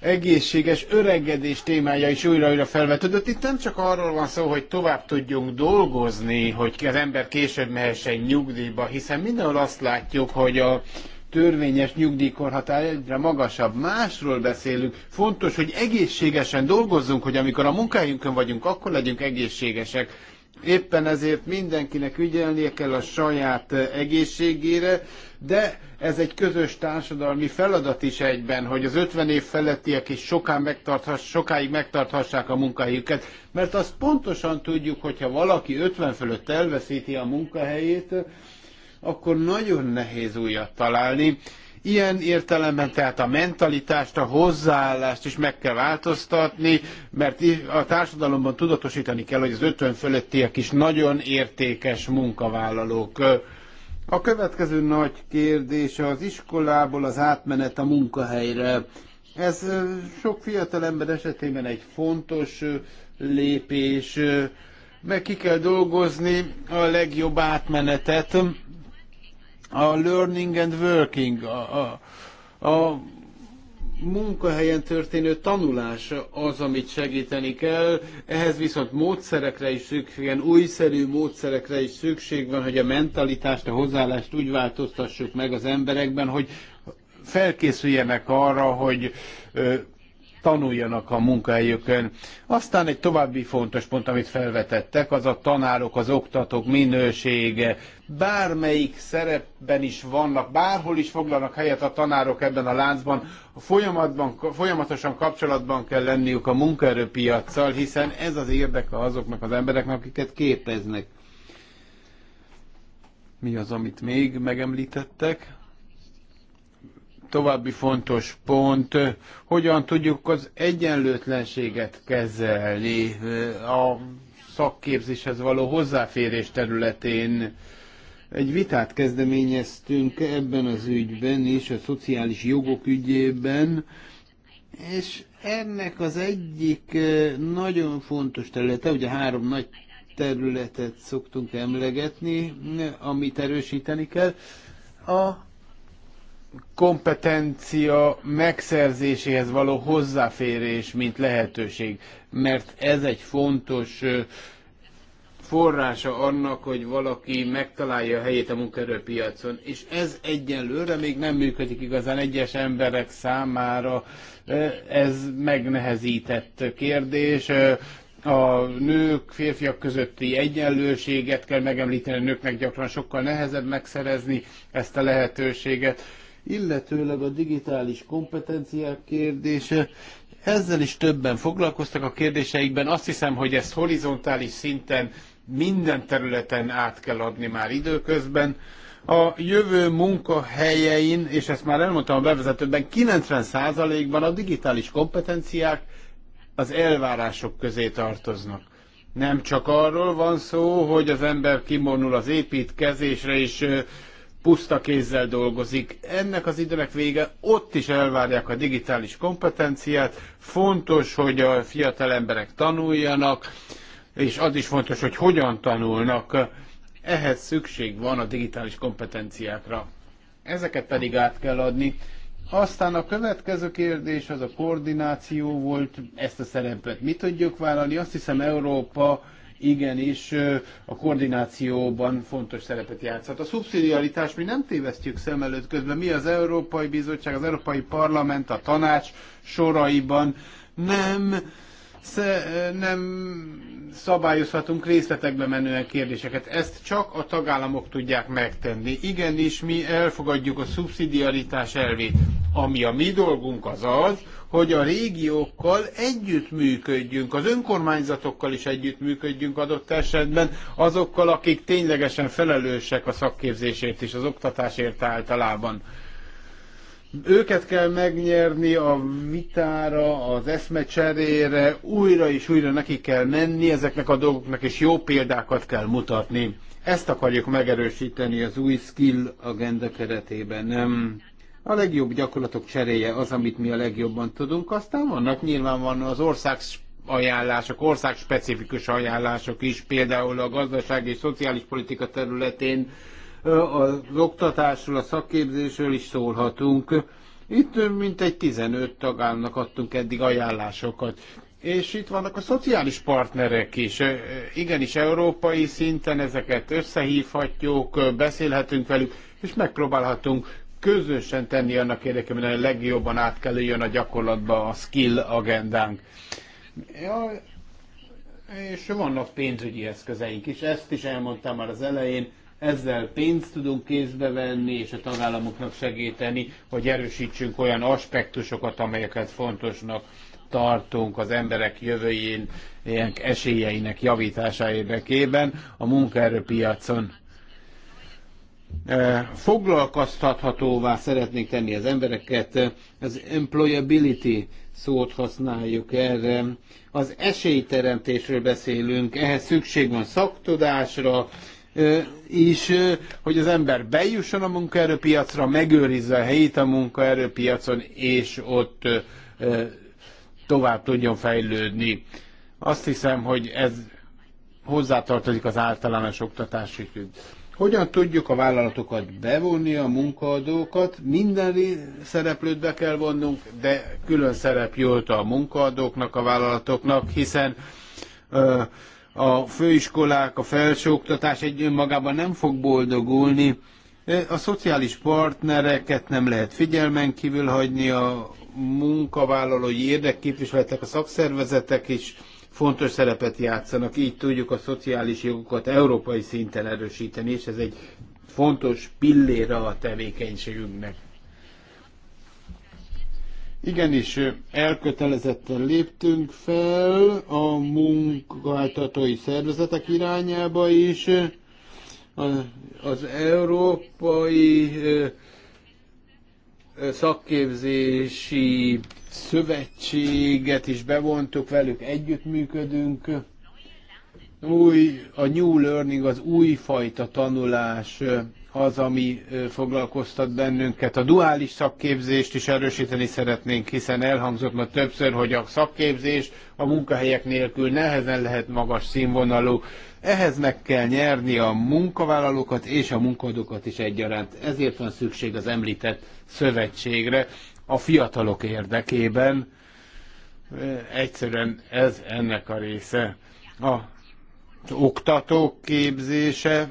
egészséges öregedés témája is újra-újra felvetődött. Itt nem csak arról van szó, hogy tovább tudjunk dolgozni, hogy az ember később mehessen nyugdíjba, hiszen mindenhol azt látjuk, hogy a törvényes nyugdíjkorhatár egyre magasabb. Másról beszélünk. Fontos, hogy egészségesen dolgozzunk, hogy amikor a munkahelyünkön vagyunk, akkor legyünk egészségesek. Éppen ezért mindenkinek ügyelnie kell a saját eh, egészségére, de ez egy közös társadalmi feladat is egyben, hogy az 50 év felettiek is soká megtarthass, sokáig megtarthassák a munkahelyüket. Mert azt pontosan tudjuk, hogyha valaki 50 fölött elveszíti a munkahelyét, akkor nagyon nehéz újat találni Ilyen értelemben tehát a mentalitást, a hozzáállást is meg kell változtatni, mert a társadalomban tudatosítani kell, hogy az 50 fölöttiek is nagyon értékes munkavállalók. A következő nagy kérdés az iskolából az átmenet a munkahelyre. Ez sok fiatal ember esetében egy fontos lépés, meg ki kell dolgozni a legjobb átmenetet a learning and working, a, a, a munkahelyen történő tanulás az, amit segíteni kell, ehhez viszont módszerekre is szükség van, újszerű módszerekre is szükség van, hogy a mentalitást, a hozzáállást úgy változtassuk meg az emberekben, hogy felkészüljenek arra, hogy tanuljanak a munkahelyükön. Aztán egy további fontos pont, amit felvetettek, az a tanárok, az oktatók minősége. Bármelyik szerepben is vannak, bárhol is foglalnak helyet a tanárok ebben a láncban, folyamatban, folyamatosan kapcsolatban kell lenniük a munkaerőpiacsal, hiszen ez az érdeke azoknak az embereknek, akiket képeznek. Mi az, amit még megemlítettek? további fontos pont, hogyan tudjuk az egyenlőtlenséget kezelni eh, a szakképzéshez való hozzáférés területén. Egy vitát kezdeményeztünk ebben az ügyben is, a szociális jogok ügyében, és ennek az egyik eh, nagyon fontos területe, ugye három nagy területet szoktunk emlegetni, eh, amit erősíteni kell, a kompetencia megszerzéséhez való hozzáférés, mint lehetőség, mert ez egy fontos forrása annak, hogy valaki megtalálja a helyét a munkaerőpiacon. És ez egyelőre még nem működik igazán egyes emberek számára. Ez megnehezített kérdés. A nők, férfiak közötti egyenlőséget kell megemlíteni, a nőknek gyakran sokkal nehezebb megszerezni ezt a lehetőséget illetőleg a digitális kompetenciák kérdése. Ezzel is többen foglalkoztak a kérdéseikben. Azt hiszem, hogy ezt horizontális szinten minden területen át kell adni már időközben. A jövő munkahelyein, és ezt már elmondtam a bevezetőben, 90%-ban a digitális kompetenciák az elvárások közé tartoznak. Nem csak arról van szó, hogy az ember kimonul az építkezésre, és puszta kézzel dolgozik. Ennek az időnek vége, ott is elvárják a digitális kompetenciát. Fontos, hogy a fiatal emberek tanuljanak, és az is fontos, hogy hogyan tanulnak. Ehhez szükség van a digitális kompetenciákra. Ezeket pedig át kell adni. Aztán a következő kérdés az a koordináció volt, ezt a szerepet mi tudjuk vállalni. Azt hiszem Európa igenis a koordinációban fontos szerepet játszhat. A szubszidiaritás mi nem tévesztjük szem előtt közben, mi az Európai Bizottság, az Európai Parlament, a tanács soraiban nem nem szabályozhatunk részletekbe menően kérdéseket. Ezt csak a tagállamok tudják megtenni. Igenis, mi elfogadjuk a szubszidiaritás elvét. Ami a mi dolgunk az az, hogy a régiókkal együttműködjünk, az önkormányzatokkal is együttműködjünk adott esetben, azokkal, akik ténylegesen felelősek a szakképzésért és az oktatásért általában. Őket kell megnyerni a vitára, az eszmecserére, újra és újra neki kell menni ezeknek a dolgoknak, és jó példákat kell mutatni. Ezt akarjuk megerősíteni az új skill agenda keretében. Nem. A legjobb gyakorlatok cseréje az, amit mi a legjobban tudunk. Aztán vannak van az ország ajánlások, országspecifikus ajánlások is, például a gazdasági és szociális politika területén az oktatásról, a szakképzésről is szólhatunk. Itt mintegy 15 tagállamnak adtunk eddig ajánlásokat. És itt vannak a szociális partnerek is. Igenis, európai szinten ezeket összehívhatjuk, beszélhetünk velük, és megpróbálhatunk közösen tenni annak érdekében, hogy a legjobban jön a gyakorlatba a skill agendánk. Ja, és vannak pénzügyi eszközeink is, ezt is elmondtam már az elején, ezzel pénzt tudunk kézbe venni, és a tagállamoknak segíteni, hogy erősítsünk olyan aspektusokat, amelyeket fontosnak tartunk az emberek jövőjén, ilyen esélyeinek javítása érdekében a munkaerőpiacon. Eh, foglalkoztathatóvá szeretnék tenni az embereket, az employability szót használjuk erre. Az esélyteremtésről beszélünk, ehhez szükség van szaktudásra, is, hogy az ember bejusson a munkaerőpiacra, megőrizze a helyét a munkaerőpiacon, és ott tovább tudjon fejlődni. Azt hiszem, hogy ez hozzátartozik az általános oktatási tűn. Hogyan tudjuk a vállalatokat bevonni, a munkaadókat? Minden szereplőt be kell vonnunk, de külön szerep jót a munkaadóknak, a vállalatoknak, hiszen uh, a főiskolák, a felsőoktatás egy önmagában nem fog boldogulni. E, a szociális partnereket nem lehet figyelmen kívül hagyni, a munkavállalói érdekképviseletek, a szakszervezetek is fontos szerepet játszanak, így tudjuk a szociális jogokat európai szinten erősíteni, és ez egy fontos pillére a tevékenységünknek. Igenis, elkötelezetten léptünk fel a munkáltatói szervezetek irányába is. Az Európai Szakképzési Szövetséget is bevontuk, velük együttműködünk. Új, a New Learning az újfajta tanulás az, ami foglalkoztat bennünket. A duális szakképzést is erősíteni szeretnénk, hiszen elhangzott már többször, hogy a szakképzés a munkahelyek nélkül nehezen lehet magas színvonalú. Ehhez meg kell nyerni a munkavállalókat és a munkadókat is egyaránt. Ezért van szükség az említett szövetségre a fiatalok érdekében. Egyszerűen ez ennek a része. A oktatók képzése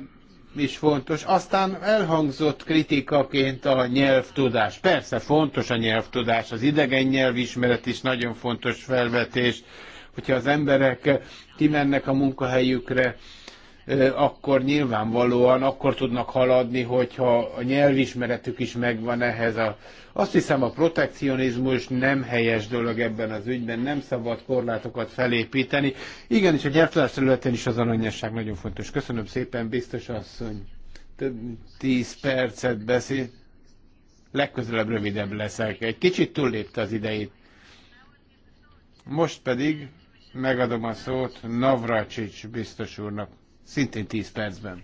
is fontos. Aztán elhangzott kritikaként a nyelvtudás. Persze fontos a nyelvtudás, az idegen nyelvismeret is nagyon fontos felvetés. Hogyha az emberek kimennek a munkahelyükre, akkor nyilvánvalóan akkor tudnak haladni, hogyha a nyelvismeretük is megvan ehhez. A, azt hiszem a protekcionizmus nem helyes dolog ebben az ügyben, nem szabad korlátokat felépíteni. Igen, és a gyártás területén is az aranyosság nagyon fontos. Köszönöm szépen, biztos asszony. Több tíz percet beszél. Legközelebb rövidebb leszek. Egy kicsit túllépte az idejét. Most pedig megadom a szót Navracsics biztos úrnak. Szintén 10 percben.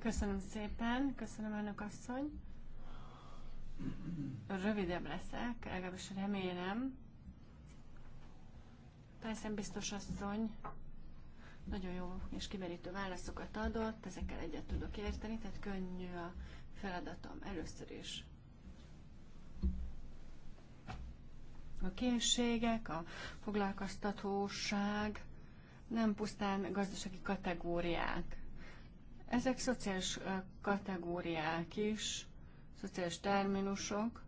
Köszönöm szépen, köszönöm önök asszony. Rövidebb leszek, legalábbis remélem. Persze biztos asszony nagyon jó és kimerítő válaszokat adott, ezekkel egyet tudok érteni, tehát könnyű a feladatom először is. A készségek, a foglalkoztatóság, nem pusztán gazdasági kategóriák. Ezek szociális kategóriák is, szociális terminusok,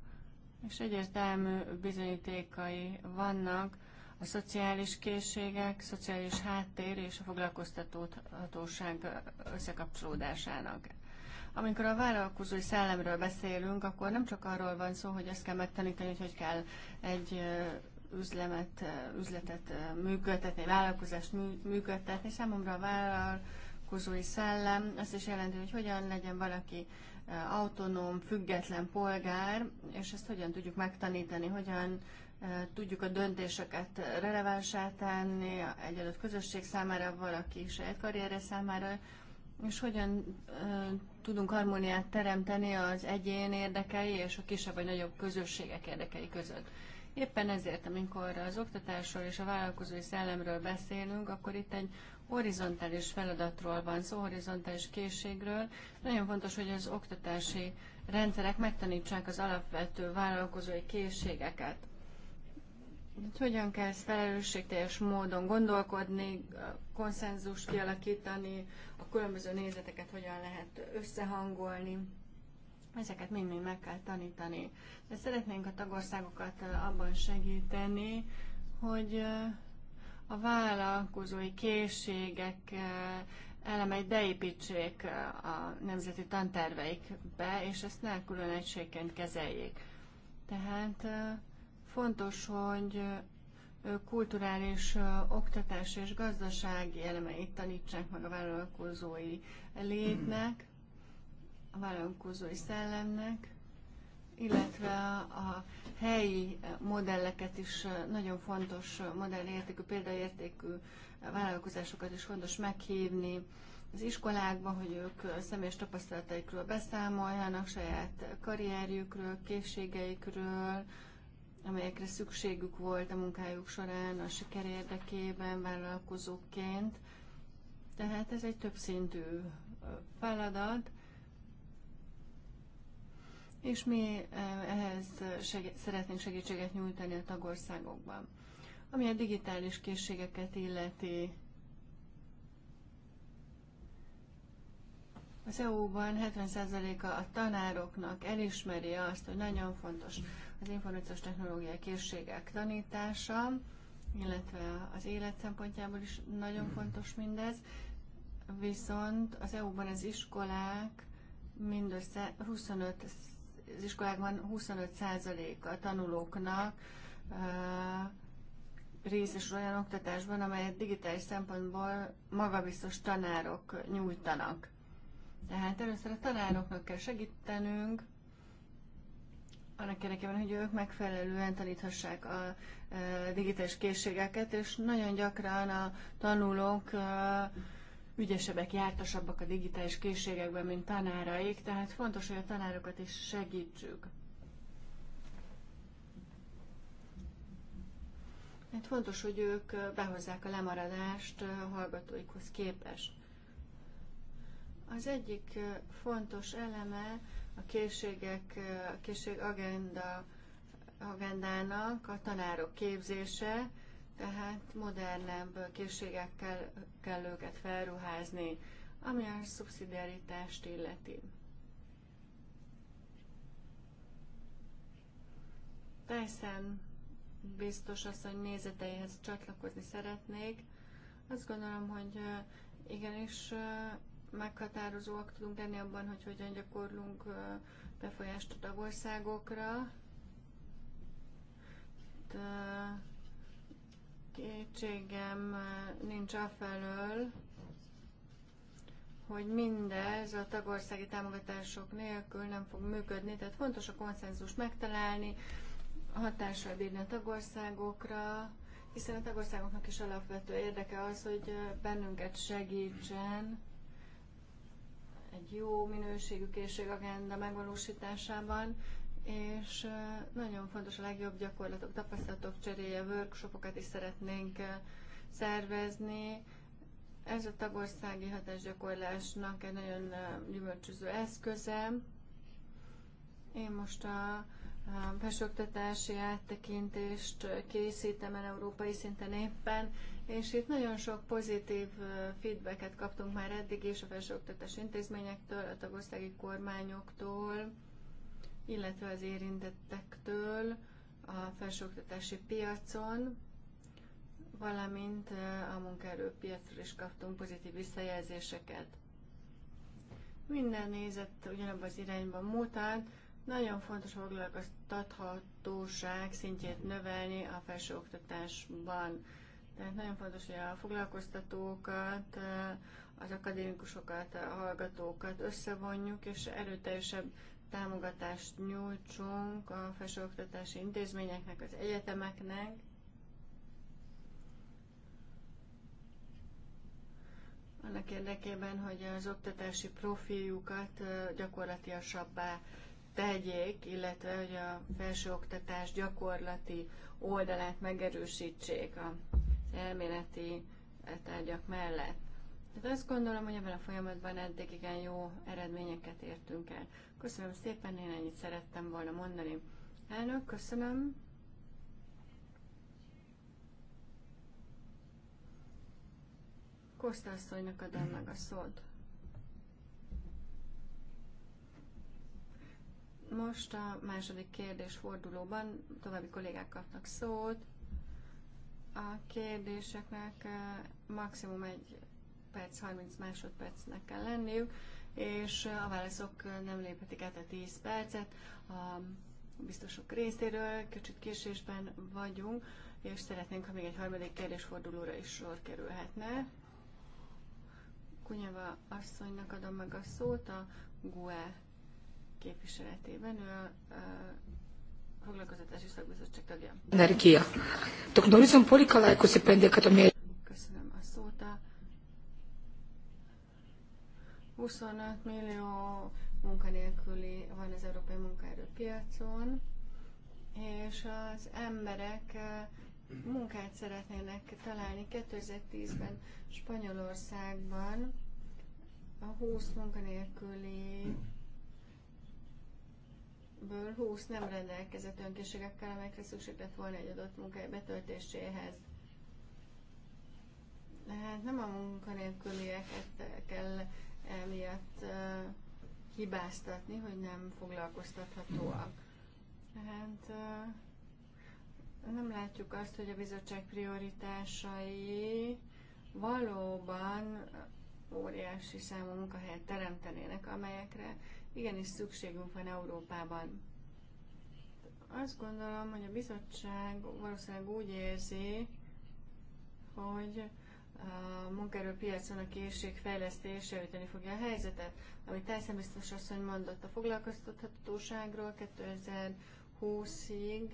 és egyértelmű bizonyítékai vannak a szociális készségek, szociális háttér és a foglalkoztatóhatóság összekapcsolódásának. Amikor a vállalkozói szellemről beszélünk, akkor nem csak arról van szó, hogy ezt kell megtanítani, hogy hogy kell egy üzlemet, üzletet működtetni, vállalkozást működtetni. Számomra a vállalkozói szellem azt is jelenti, hogy hogyan legyen valaki autonóm, független polgár, és ezt hogyan tudjuk megtanítani, hogyan tudjuk a döntéseket relevánsá tenni egy adott közösség számára, valaki saját karriere számára, és hogyan tudunk harmóniát teremteni az egyén érdekei és a kisebb vagy nagyobb közösségek érdekei között. Éppen ezért, amikor az oktatásról és a vállalkozói szellemről beszélünk, akkor itt egy horizontális feladatról van szó, horizontális készségről. Nagyon fontos, hogy az oktatási rendszerek megtanítsák az alapvető vállalkozói készségeket. Hogyan kell felelősségteljes módon gondolkodni, konszenzust kialakítani, a különböző nézeteket hogyan lehet összehangolni. Ezeket mind-mind meg kell tanítani. De szeretnénk a tagországokat eh, abban segíteni, hogy eh, a vállalkozói készségek eh, elemeit beépítsék a nemzeti tanterveikbe, és ezt ne külön egységként kezeljék. Tehát fontos, hogy kulturális oktatás és gazdasági elemeit tanítsák meg a vállalkozói létnek, a vállalkozói szellemnek, illetve a helyi modelleket is nagyon fontos modellértékű, példaértékű vállalkozásokat is fontos meghívni az iskolákba, hogy ők személyes tapasztalataikról beszámoljanak, saját karrierjükről, készségeikről, amelyekre szükségük volt a munkájuk során, a siker érdekében, vállalkozóként. Tehát ez egy többszintű feladat, és mi eh, ehhez seg- szeretnénk segítséget nyújtani a tagországokban. Ami a digitális készségeket illeti, az EU-ban 70%-a a tanároknak elismeri azt, hogy nagyon fontos az információs technológiai készségek tanítása, illetve az élet szempontjából is nagyon fontos mindez, viszont az EU-ban az iskolák mindössze 25 az iskolákban 25% a tanulóknak részesül olyan oktatásban, amelyet digitális szempontból magabiztos tanárok nyújtanak. Tehát először a tanároknak kell segítenünk, annak érdekében, hogy ők megfelelően taníthassák a digitális készségeket, és nagyon gyakran a tanulók ügyesebbek, jártasabbak a digitális készségekben, mint tanáraik, tehát fontos, hogy a tanárokat is segítsük. Hát fontos, hogy ők behozzák a lemaradást a hallgatóikhoz képest. Az egyik fontos eleme a készségek, a készség agenda, agendának a tanárok képzése, tehát modernebb készségekkel kell őket felruházni, ami a szubszidiaritást illeti. Tyson biztos hogy nézeteihez csatlakozni szeretnék. Azt gondolom, hogy igenis meghatározóak tudunk lenni abban, hogy hogyan gyakorlunk befolyást a tagországokra. De Kétségem eh, nincs afelől, hogy mindez a tagországi támogatások nélkül nem fog működni, tehát fontos a konszenzus megtalálni, hatással bírni a tagországokra, hiszen a tagországoknak is alapvető érdeke az, hogy eh, bennünket segítsen egy jó minőségű készségagenda megvalósításában, és nagyon fontos a legjobb gyakorlatok, tapasztalatok cseréje, workshopokat is szeretnénk szervezni. Ez a tagországi hatásgyakorlásnak egy nagyon gyümölcsöző eszköze. Én most a felsőoktatási áttekintést készítem el európai szinten éppen, és itt nagyon sok pozitív feedbacket kaptunk már eddig is a felsőoktatási intézményektől, a tagországi kormányoktól, illetve az érintettektől a felsőoktatási piacon, valamint a munkaerőpiacról is kaptunk pozitív visszajelzéseket. Minden nézet ugyanabban az irányban mutat, nagyon fontos foglalkoztathatóság szintjét növelni a felsőoktatásban. Tehát nagyon fontos, hogy a foglalkoztatókat, az akadémikusokat, a hallgatókat összevonjuk, és erőteljesebb támogatást nyújtsunk a felsőoktatási intézményeknek, az egyetemeknek, annak érdekében, hogy az oktatási profiljukat gyakorlatiasabbá tegyék, illetve hogy a felsőoktatás gyakorlati oldalát megerősítsék az elméleti tárgyak mellett. Tehát azt gondolom, hogy ebben a folyamatban eddig igen jó eredményeket értünk el. Köszönöm szépen, én ennyit szerettem volna mondani. Elnök, köszönöm. Koszta adom meg a szót. Most a második kérdés fordulóban további kollégák kapnak szót. A kérdéseknek eh, maximum egy perc, 30 másodpercnek kell lenniük és a válaszok nem léphetik át a 10 percet. A biztosok részéről kicsit késésben vagyunk, és szeretnénk, ha még egy harmadik kérdésfordulóra is sor kerülhetne. Kunyava asszonynak adom meg a szót a GUE képviseletében. Ő a, a foglalkozatási szakbizottság tagja. Energia. Doktor Izom Polika, Lajko hát Köszönöm a szót. A 25 millió munkanélküli van az európai munkaerőpiacon, és az emberek eh, munkát szeretnének találni. 2010-ben Spanyolországban a 20 munkanélküli ből 20 nem rendelkezett önkészségekkel, amelyekre szükség lett volna egy adott munkahely betöltéséhez. Tehát nem a munkanélkülieket kell emiatt hibáztatni, hogy nem foglalkoztathatóak. Hát nem látjuk azt, hogy a bizottság prioritásai valóban óriási számú munkahelyet teremtenének, amelyekre igenis szükségünk van Európában. Azt gondolom, hogy a bizottság valószínűleg úgy érzi, hogy a munkaerőpiacon a készség fejlesztése javítani fogja a helyzetet. Amit Tyson biztos asszony mondott a foglalkoztathatóságról 2020-ig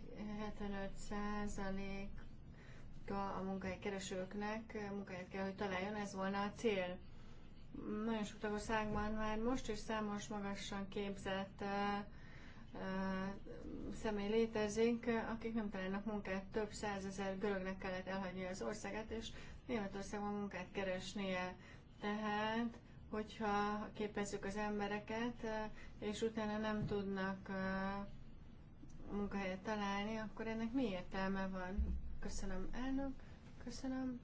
75%-a a munkahely keresőknek eh, munkáját kell, hogy találjon, ez volna a cél. Nagyon sok tagországban már most is számos magasan képzett eh, eh, személy létezik, akik nem találnak munkát. Több százezer görögnek kellett elhagyni az országát, és Németországban munkát keresnie. Tehát, hogyha képezzük az embereket, eh, és utána nem tudnak eh, munkahelyet találni, akkor ennek mi értelme van? Köszönöm elnök, köszönöm.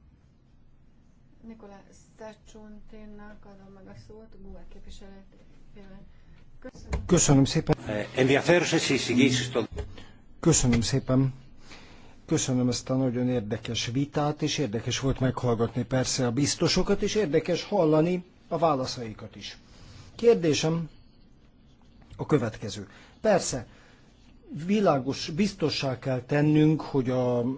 Nikola Szácsunténnak adom meg a szót, Google képviseletében. Köszönöm. Köszönöm szépen. Eh, köszönöm szépen. Köszönöm ezt a nagyon érdekes vitát, és érdekes volt meghallgatni persze a biztosokat, és érdekes hallani a válaszaikat is. Kérdésem a következő. Persze, világos biztossá kell tennünk, hogy a, a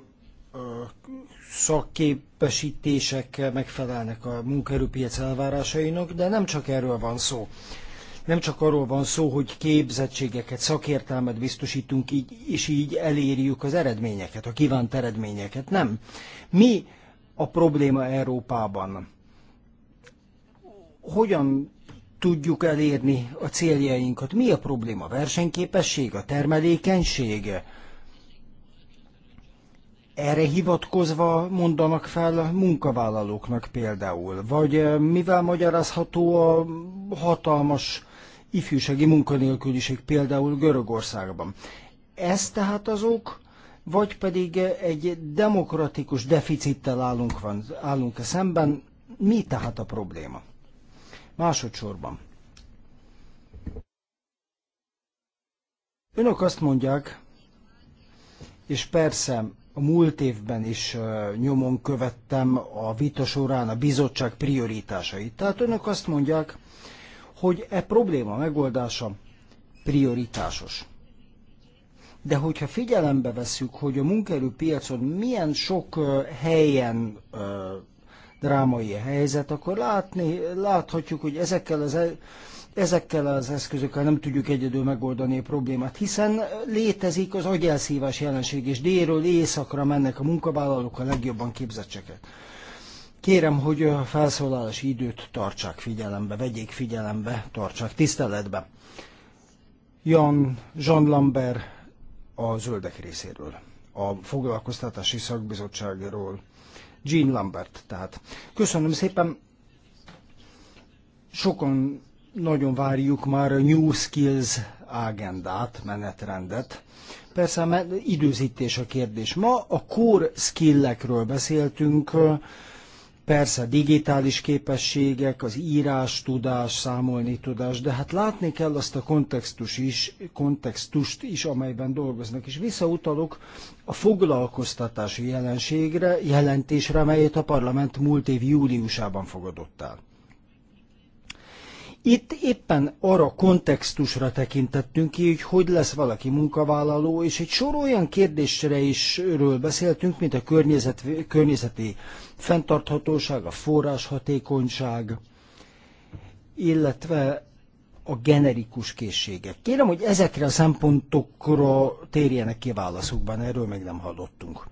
szakképesítések megfelelnek a munkaerőpiac elvárásainak, de nem csak erről van szó. Nem csak arról van szó, hogy képzettségeket, szakértelmet biztosítunk így, és így elérjük az eredményeket, a kívánt eredményeket. Nem. Mi a probléma Európában? Hogyan tudjuk elérni a céljainkat? Mi a probléma? Versenyképesség, a termelékenység? Erre hivatkozva mondanak fel munkavállalóknak például, vagy eh, mivel magyarázható a hatalmas ifjúsági munkanélküliség például Görögországban. Ez tehát az ok, vagy pedig egy demokratikus deficittel állunk, van, állunk -e szemben, mi tehát a probléma? Másodszorban. Önök azt mondják, és persze a múlt évben is nyomon követtem a vita során a bizottság prioritásait. Tehát önök azt mondják, hogy e probléma megoldása prioritásos. De hogyha figyelembe vesszük, hogy a munkaerőpiacon milyen sok helyen drámai a helyzet, akkor látni, láthatjuk, hogy ezekkel az, e, ezekkel az eszközökkel nem tudjuk egyedül megoldani a problémát, hiszen létezik az agyelszívás jelenség, és délről éjszakra mennek a munkavállalók a legjobban képzettségek. Kérem, hogy a felszólalási időt tartsák figyelembe, vegyék figyelembe, tartsák tiszteletbe. Jan Jean Lambert a zöldek részéről, a foglalkoztatási szakbizottságról. Jean Lambert, tehát. Köszönöm szépen. Sokan nagyon várjuk már a New Skills agendát, menetrendet. Persze időzítés a kérdés. Ma a core skillekről beszéltünk, Persze a digitális képességek, az írás, tudás, számolni tudás, de hát látni kell azt a kontextus is, kontextust is, amelyben dolgoznak. És visszautalok a foglalkoztatási jelenségre, jelentésre, amelyet a parlament múlt év júliusában fogadott el. Itt éppen arra kontextusra tekintettünk ki, hogy hogy lesz valaki munkavállaló, és egy sor olyan kérdésre is ről beszéltünk, mint a környezet, környezeti fenntarthatóság, a forráshatékonyság, illetve a generikus készségek. Kérem, hogy ezekre a szempontokra térjenek ki válaszukban, erről még nem hallottunk.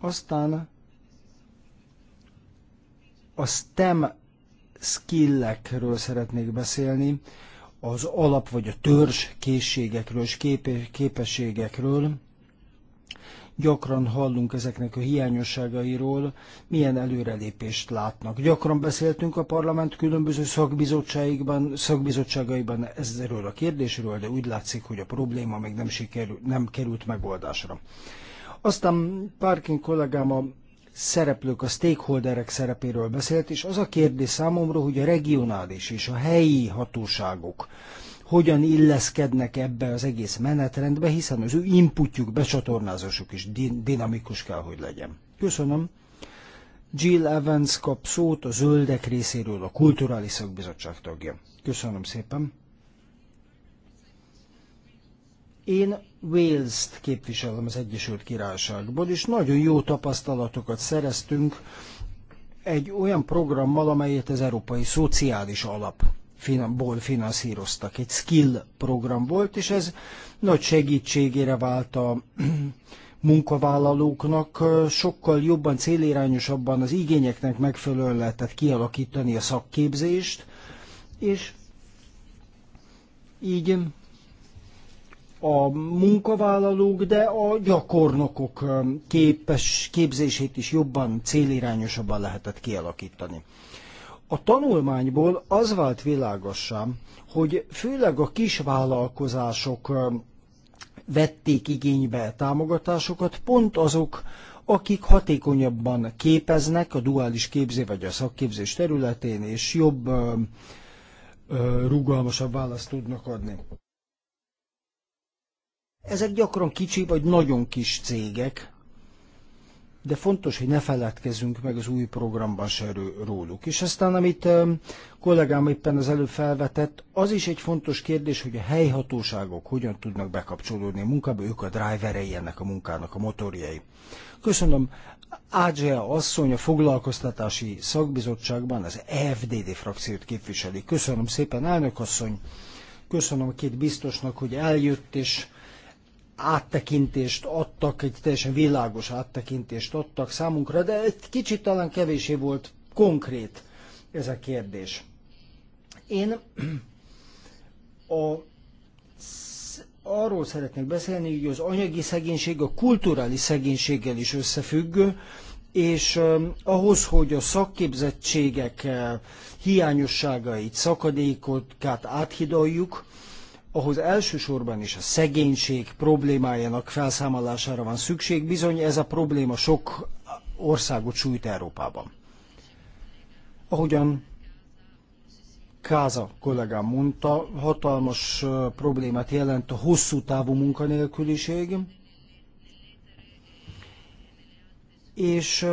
Aztán a STEM skillekről szeretnék beszélni, az alap vagy a törzs készségekről és képességekről. Gyakran hallunk ezeknek a hiányosságairól, milyen előrelépést látnak. Gyakran beszéltünk a parlament különböző szakbizottságaiban, szakbizottságaiban ezzel a kérdésről, de úgy látszik, hogy a probléma még nem, sikerül, nem került megoldásra. Aztán Parkin kollégám a szereplők, a stakeholderek szerepéről beszélt, és az a kérdés számomra, hogy a regionális és a helyi hatóságok hogyan illeszkednek ebbe az egész menetrendbe, hiszen az ő inputjuk, becsatornázásuk is dinamikus kell, hogy legyen. Köszönöm. Jill Evans kap szót a zöldek részéről, a Kulturális Szakbizottság tagja. Köszönöm szépen. Én Wales-t képviselem az Egyesült Királyságból, és nagyon jó tapasztalatokat szereztünk egy olyan programmal, amelyet az Európai Szociális Alap ból finanszíroztak. Egy skill program volt, és ez nagy segítségére vált a munkavállalóknak, sokkal jobban célirányosabban az igényeknek megfelelően lehetett kialakítani a szakképzést, és így a munkavállalók, de a gyakornokok képes, képzését is jobban, célirányosabban lehetett kialakítani. A tanulmányból az vált világosá, hogy főleg a kisvállalkozások vették igénybe támogatásokat, pont azok, akik hatékonyabban képeznek a duális képzé vagy a szakképzés területén, és jobb, rugalmasabb választ tudnak adni. Ezek gyakran kicsi vagy nagyon kis cégek, de fontos, hogy ne feledkezzünk meg az új programban se róluk. És aztán, amit kollégám éppen az előbb felvetett, az is egy fontos kérdés, hogy a helyhatóságok hogyan tudnak bekapcsolódni a munkába, ők a driverei ennek a munkának, a motorjai. Köszönöm. Ágyzsea asszony a foglalkoztatási szakbizottságban az EFDD frakciót képviseli. Köszönöm szépen, elnök asszony. Köszönöm a két biztosnak, hogy eljött, és áttekintést adtak, egy teljesen világos áttekintést adtak számunkra, de egy kicsit talán kevésé volt konkrét ez a kérdés. Én a, arról szeretnék beszélni, hogy az anyagi szegénység a kulturális szegénységgel is összefüggő, és ahhoz, hogy a szakképzettségek hiányosságait, szakadékokat áthidaljuk, ahhoz elsősorban is a szegénység problémájának felszámolására van szükség, bizony ez a probléma sok országot sújt Európában. Ahogyan Káza kollégám mondta, hatalmas problémát jelent a hosszú távú munkanélküliség, és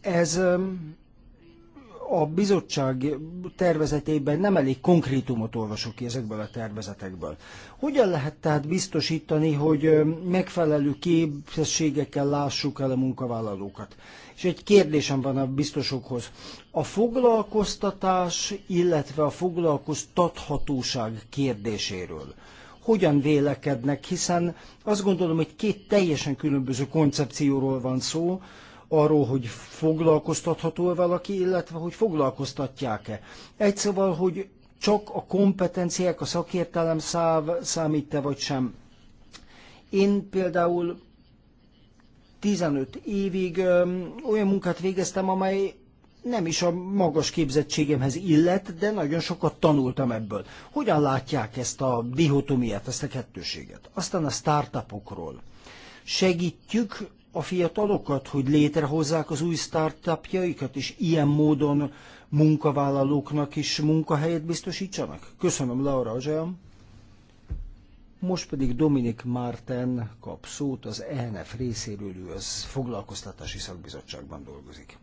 ez a bizottság tervezetében nem elég konkrétumot olvasok ki ezekből a tervezetekből. Hogyan lehet tehát biztosítani, hogy megfelelő képességekkel lássuk el a munkavállalókat? És egy kérdésem van a biztosokhoz. A foglalkoztatás, illetve a foglalkoztathatóság kérdéséről hogyan vélekednek, hiszen azt gondolom, hogy két teljesen különböző koncepcióról van szó, arról, hogy foglalkoztatható-e valaki, illetve hogy foglalkoztatják-e. Egy szóval, hogy csak a kompetenciák, a szakértelem száv, számít-e vagy sem. Én például 15 évig olyan munkát végeztem, amely nem is a magas képzettségemhez illet, de nagyon sokat tanultam ebből. Hogyan látják ezt a dihotomiát, ezt a kettőséget? Aztán a startupokról. Segítjük a fiatalokat, hogy létrehozzák az új startupjaikat, és ilyen módon munkavállalóknak is munkahelyet biztosítsanak? Köszönöm, Laura Azsám. Most pedig Dominik Márten kap szót, az ENF részéről ő az foglalkoztatási szakbizottságban dolgozik.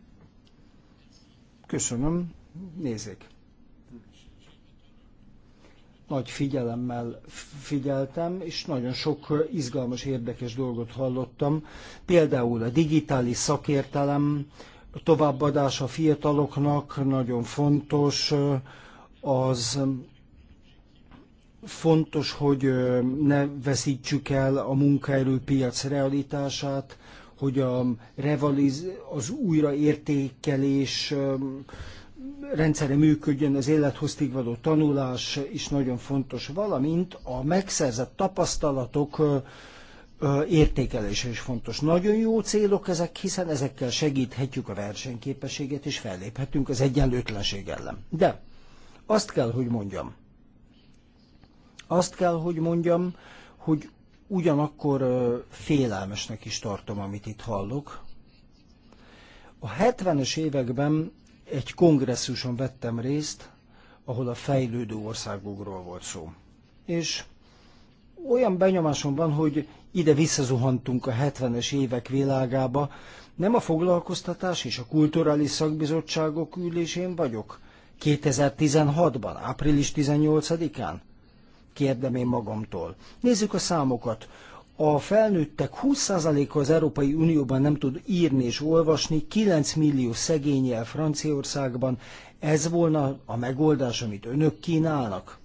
Köszönöm, nézzék nagy figyelemmel figyeltem, és nagyon sok izgalmas, érdekes dolgot hallottam. Például a digitális szakértelem továbbadása fiataloknak nagyon fontos, az fontos, hogy ne veszítsük el a munkaerőpiac realitását, hogy a revaliz, az újraértékelés rendszere működjön, az élethoztig való tanulás is nagyon fontos, valamint a megszerzett tapasztalatok értékelése is fontos. Nagyon jó célok ezek, hiszen ezekkel segíthetjük a versenyképességet, és felléphetünk az egyenlőtlenség ellen. De azt kell, hogy mondjam, azt kell, hogy mondjam, hogy ugyanakkor félelmesnek is tartom, amit itt hallok. A 70-es években egy kongresszuson vettem részt, ahol a fejlődő országokról volt szó. És olyan benyomásom van, hogy ide visszazuhantunk a 70-es évek világába, nem a foglalkoztatás és a kulturális szakbizottságok ülésén vagyok. 2016-ban, április 18-án? Kérdem én magamtól. Nézzük a számokat a felnőttek 20%-a az Európai Unióban nem tud írni és olvasni, 9 millió szegény el Franciaországban. Ez volna a megoldás, amit önök kínálnak?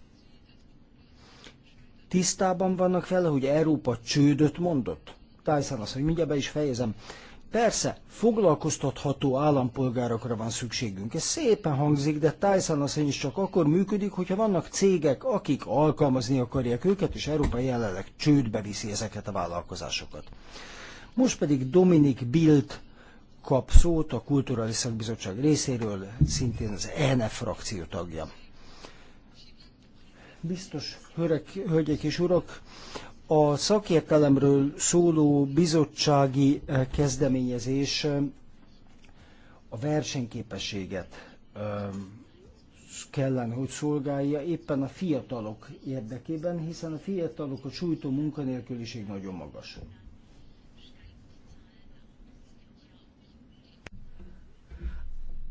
Tisztában vannak vele, hogy Európa csődöt mondott? Tyson azt, hogy mindjárt be is fejezem. Persze, foglalkoztatható állampolgárokra van szükségünk. Ez szépen hangzik, de Tyson asszony is csak akkor működik, hogyha vannak cégek, akik alkalmazni akarják őket, és Európa jelenleg csődbe viszi ezeket a vállalkozásokat. Most pedig Dominik Bild kap szót a Kulturális Szakbizottság részéről, szintén az ENF frakció tagja. Biztos, hölgyek és urak, a szakértelemről szóló bizottsági eh, kezdeményezés eh, a versenyképességet eh, kellene, hogy szolgálja éppen a fiatalok érdekében, hiszen a fiatalok a sújtó munkanélküliség nagyon magas.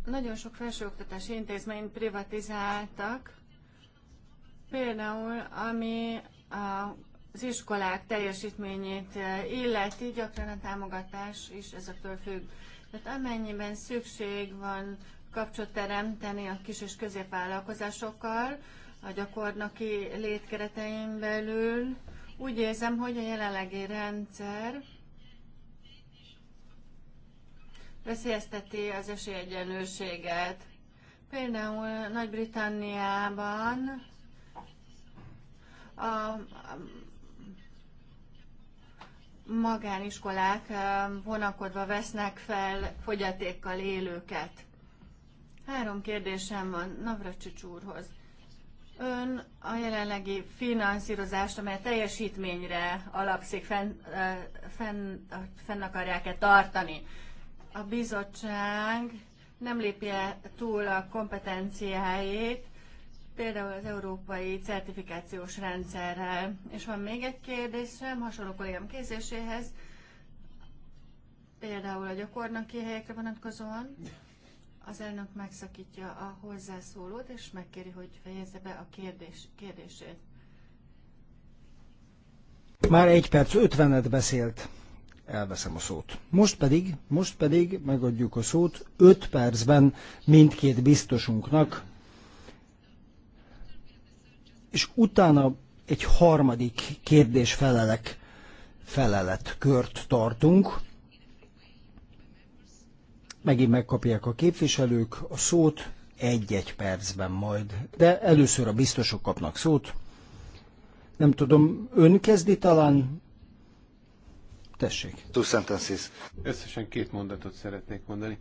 Nagyon sok felsőoktatási intézményt privatizáltak, például ami a az iskolák teljesítményét eh, illeti, gyakran a támogatás is ezektől függ. Tehát amennyiben szükség van kapcsolat teremteni a kis és középvállalkozásokkal, a gyakornoki létkeretein belül, úgy érzem, hogy a jelenlegi rendszer veszélyezteti az esélyegyenlőséget. Például Nagy-Britanniában a magániskolák vonakodva vesznek fel fogyatékkal élőket. Három kérdésem van Navracsics úrhoz. Ön a jelenlegi finanszírozást, amely teljesítményre alapszik, fenn, fenn, fenn akarják-e tartani? A bizottság nem lépje túl a kompetenciáit, például az európai certifikációs rendszerrel. És van még egy kérdésem, hasonló kollégám készéséhez, például a gyakornoki helyekre vonatkozóan. Az elnök megszakítja a hozzászólót, és megkéri, hogy fejezze be a kérdés, kérdését. Már egy perc ötvenet beszélt. Elveszem a szót. Most pedig, most pedig megadjuk a szót öt percben mindkét biztosunknak, és utána egy harmadik kérdés-felelek kört tartunk. Megint megkapják a képviselők a szót egy-egy percben majd, de először a biztosok kapnak szót. Nem tudom, ön kezdi talán? Tessék. Two sentences. Összesen két mondatot szeretnék mondani.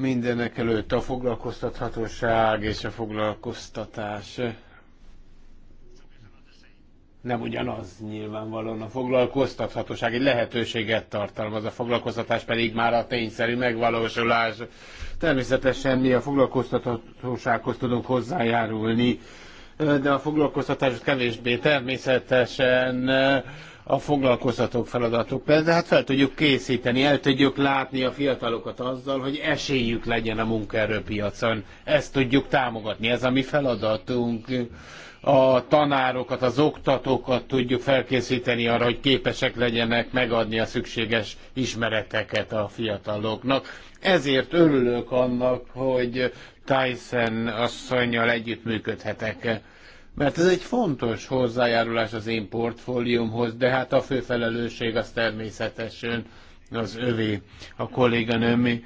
Mindenek előtt a foglalkoztathatóság és a foglalkoztatás nem ugyanaz nyilvánvalóan. A foglalkoztathatóság egy lehetőséget tartalmaz, a foglalkoztatás pedig már a tényszerű megvalósulás. Természetesen mi a foglalkoztathatósághoz tudunk hozzájárulni de a foglalkoztatás kevésbé természetesen eh, a foglalkoztatók feladatuk. De hát fel tudjuk készíteni, el tudjuk látni a fiatalokat azzal, hogy esélyük legyen a munkaerőpiacon. Ezt tudjuk támogatni, ez a mi feladatunk. A tanárokat, az oktatókat tudjuk felkészíteni arra, hogy képesek legyenek megadni a szükséges ismereteket a fiataloknak. Ezért örülök annak, hogy Tyson asszonynal együttműködhetek mert ez egy fontos hozzájárulás az én portfóliumhoz, de hát a fő felelősség az természetesen az övé, a kolléganőmé.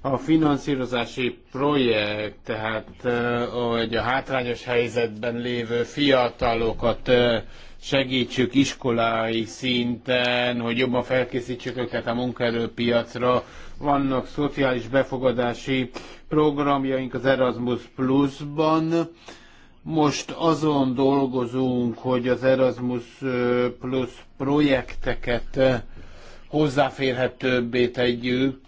A finanszírozási projekt, tehát hogy a hátrányos helyzetben lévő fiatalokat segítsük iskolai szinten, hogy jobban felkészítsük őket a munkaerőpiacra. Vannak szociális befogadási programjaink az Erasmus Plus-ban, most azon dolgozunk, hogy az Erasmus Plus projekteket hozzáférhetőbbé tegyük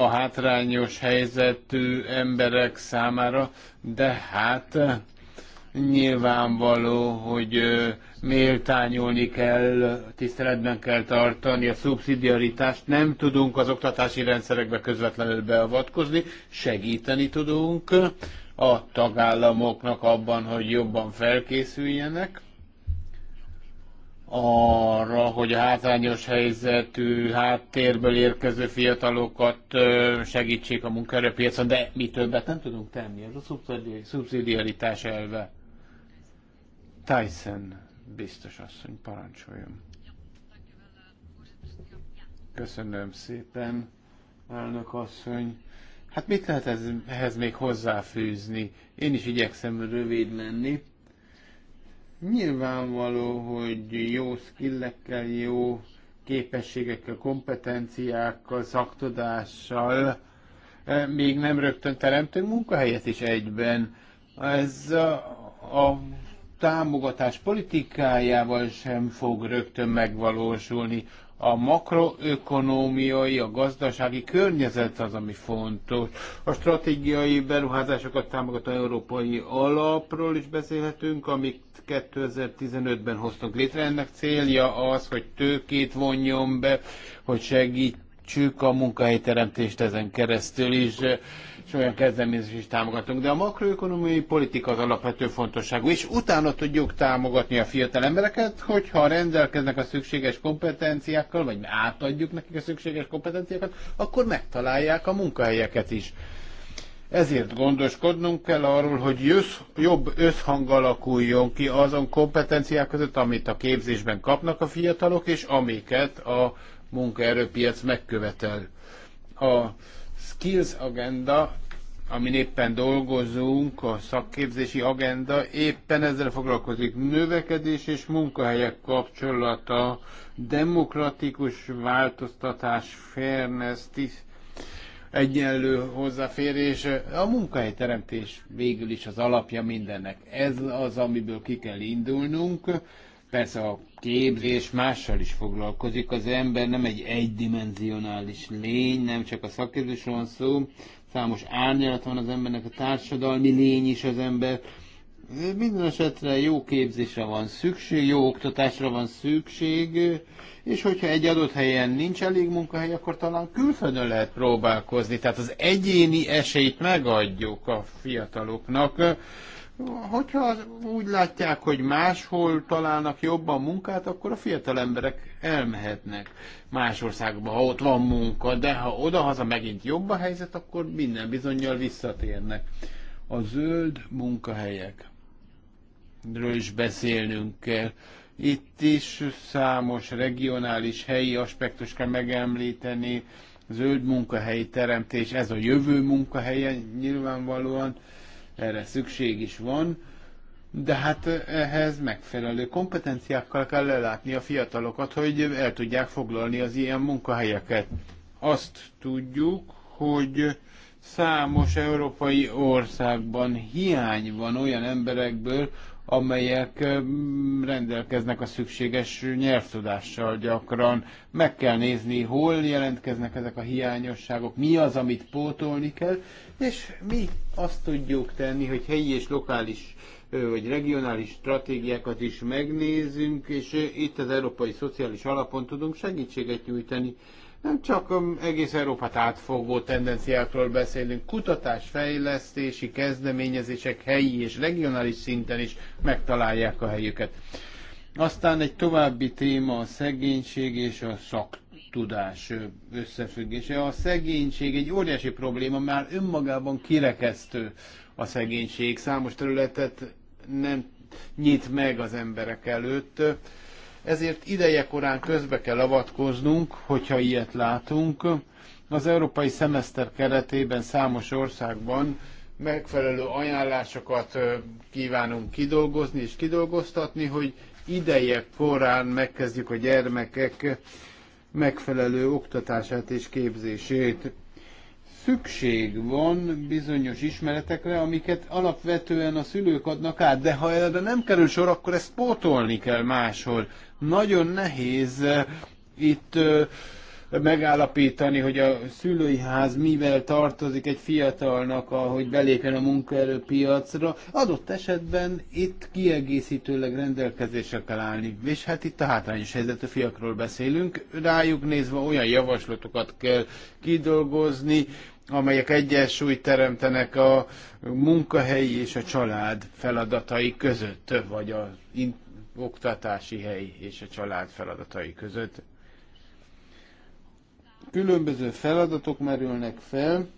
a hátrányos helyzetű emberek számára, de hát nyilvánvaló, hogy méltányolni kell, tiszteletben kell tartani a szubszidiaritást, nem tudunk az oktatási rendszerekbe közvetlenül beavatkozni, segíteni tudunk, a tagállamoknak abban, hogy jobban felkészüljenek arra, hogy a hátrányos helyzetű, háttérből érkező fiatalokat segítsék a munkaerőpiacon, de mi többet nem tudunk tenni. Ez a szubszidiaritás elve. Tyson biztos asszony, parancsoljon. Köszönöm szépen, elnök asszony. Hát mit lehet ez, ehhez még hozzáfűzni? Én is igyekszem rövid lenni. Nyilvánvaló, hogy jó skillekkel, jó képességekkel, kompetenciákkal, szaktudással eh, még nem rögtön teremtünk munkahelyet is egyben. Ez a, a támogatás politikájával sem fog rögtön megvalósulni a makroökonómiai, a gazdasági környezet az, ami fontos. A stratégiai beruházásokat támogató európai alapról is beszélhetünk, amit 2015-ben hoztunk létre. Ennek célja az, hogy tőkét vonjon be, hogy segítsük a munkahelyteremtést ezen keresztül is és olyan kezdeményezést is támogatunk, de a makroökonomiai politika az alapvető fontosságú, és utána tudjuk támogatni a fiatal embereket, hogyha rendelkeznek a szükséges kompetenciákkal, vagy átadjuk nekik a szükséges kompetenciákat, akkor megtalálják a munkahelyeket is. Ezért gondoskodnunk kell arról, hogy jössz, jobb összhang alakuljon ki azon kompetenciák között, amit a képzésben kapnak a fiatalok, és amiket a munkaerőpiac megkövetel. A skills agenda, amin éppen dolgozunk, a szakképzési agenda éppen ezzel foglalkozik. Növekedés és munkahelyek kapcsolata, demokratikus változtatás, fairness, tiszt, egyenlő hozzáférés. A munkahelyteremtés végül is az alapja mindennek. Ez az, amiből ki kell indulnunk Persze a képzés mással is foglalkozik, az ember nem egy egydimenzionális lény, nem csak a szakképzésről van szó, számos árnyalat van az embernek, a társadalmi lény is az ember. Minden esetre jó képzésre van szükség, jó oktatásra van szükség, és hogyha egy adott helyen nincs elég munkahely, akkor talán külföldön lehet próbálkozni. Tehát az egyéni esélyt megadjuk a fiataloknak Hogyha úgy látják, hogy máshol találnak jobban munkát, akkor a fiatal emberek elmehetnek más országba, ha ott van munka, de ha odahaza megint jobb a helyzet, akkor minden bizonyal visszatérnek. A zöld munkahelyek ről is beszélnünk kell. Itt is számos regionális, helyi aspektus kell megemlíteni, zöld munkahelyi teremtés, ez a jövő munkahelye nyilvánvalóan, erre szükség is van, de hát ehhez megfelelő kompetenciákkal kell ellátni a fiatalokat, hogy el tudják foglalni az ilyen munkahelyeket. Azt tudjuk, hogy számos európai országban hiány van olyan emberekből, amelyek rendelkeznek a szükséges nyelvtudással gyakran. Meg kell nézni, hol jelentkeznek ezek a hiányosságok, mi az, amit pótolni kell, és mi azt tudjuk tenni, hogy helyi és lokális vagy regionális stratégiákat is megnézünk, és itt az Európai Szociális Alapon tudunk segítséget nyújtani nem csak egész Európát átfogó tendenciákról beszélünk, kutatás, fejlesztési kezdeményezések helyi és regionális szinten is megtalálják a helyüket. Aztán egy további téma a szegénység és a szaktudás összefüggése. A szegénység egy óriási probléma, már önmagában kirekesztő a szegénység. Számos területet nem nyit meg az emberek előtt ezért ideje korán közbe kell avatkoznunk, hogyha ilyet látunk. Az európai szemeszter keretében számos országban megfelelő ajánlásokat kívánunk kidolgozni és kidolgoztatni, hogy ideje korán megkezdjük a gyermekek megfelelő oktatását és képzését. Szükség van bizonyos ismeretekre, amiket alapvetően a szülők adnak át, de ha erre nem kerül sor, akkor ezt pótolni kell máshol. Nagyon nehéz eh, itt eh, megállapítani, hogy a szülői ház mivel tartozik egy fiatalnak, ahogy belépjen a munkaerőpiacra. Adott esetben itt kiegészítőleg rendelkezésre kell állni. És hát itt a hátrányos helyzetű fiakról beszélünk. Rájuk nézve olyan javaslatokat kell kidolgozni, amelyek egyensúlyt teremtenek a munkahelyi és a család feladatai között, vagy a oktatási hely és a család feladatai között. Különböző feladatok merülnek fel,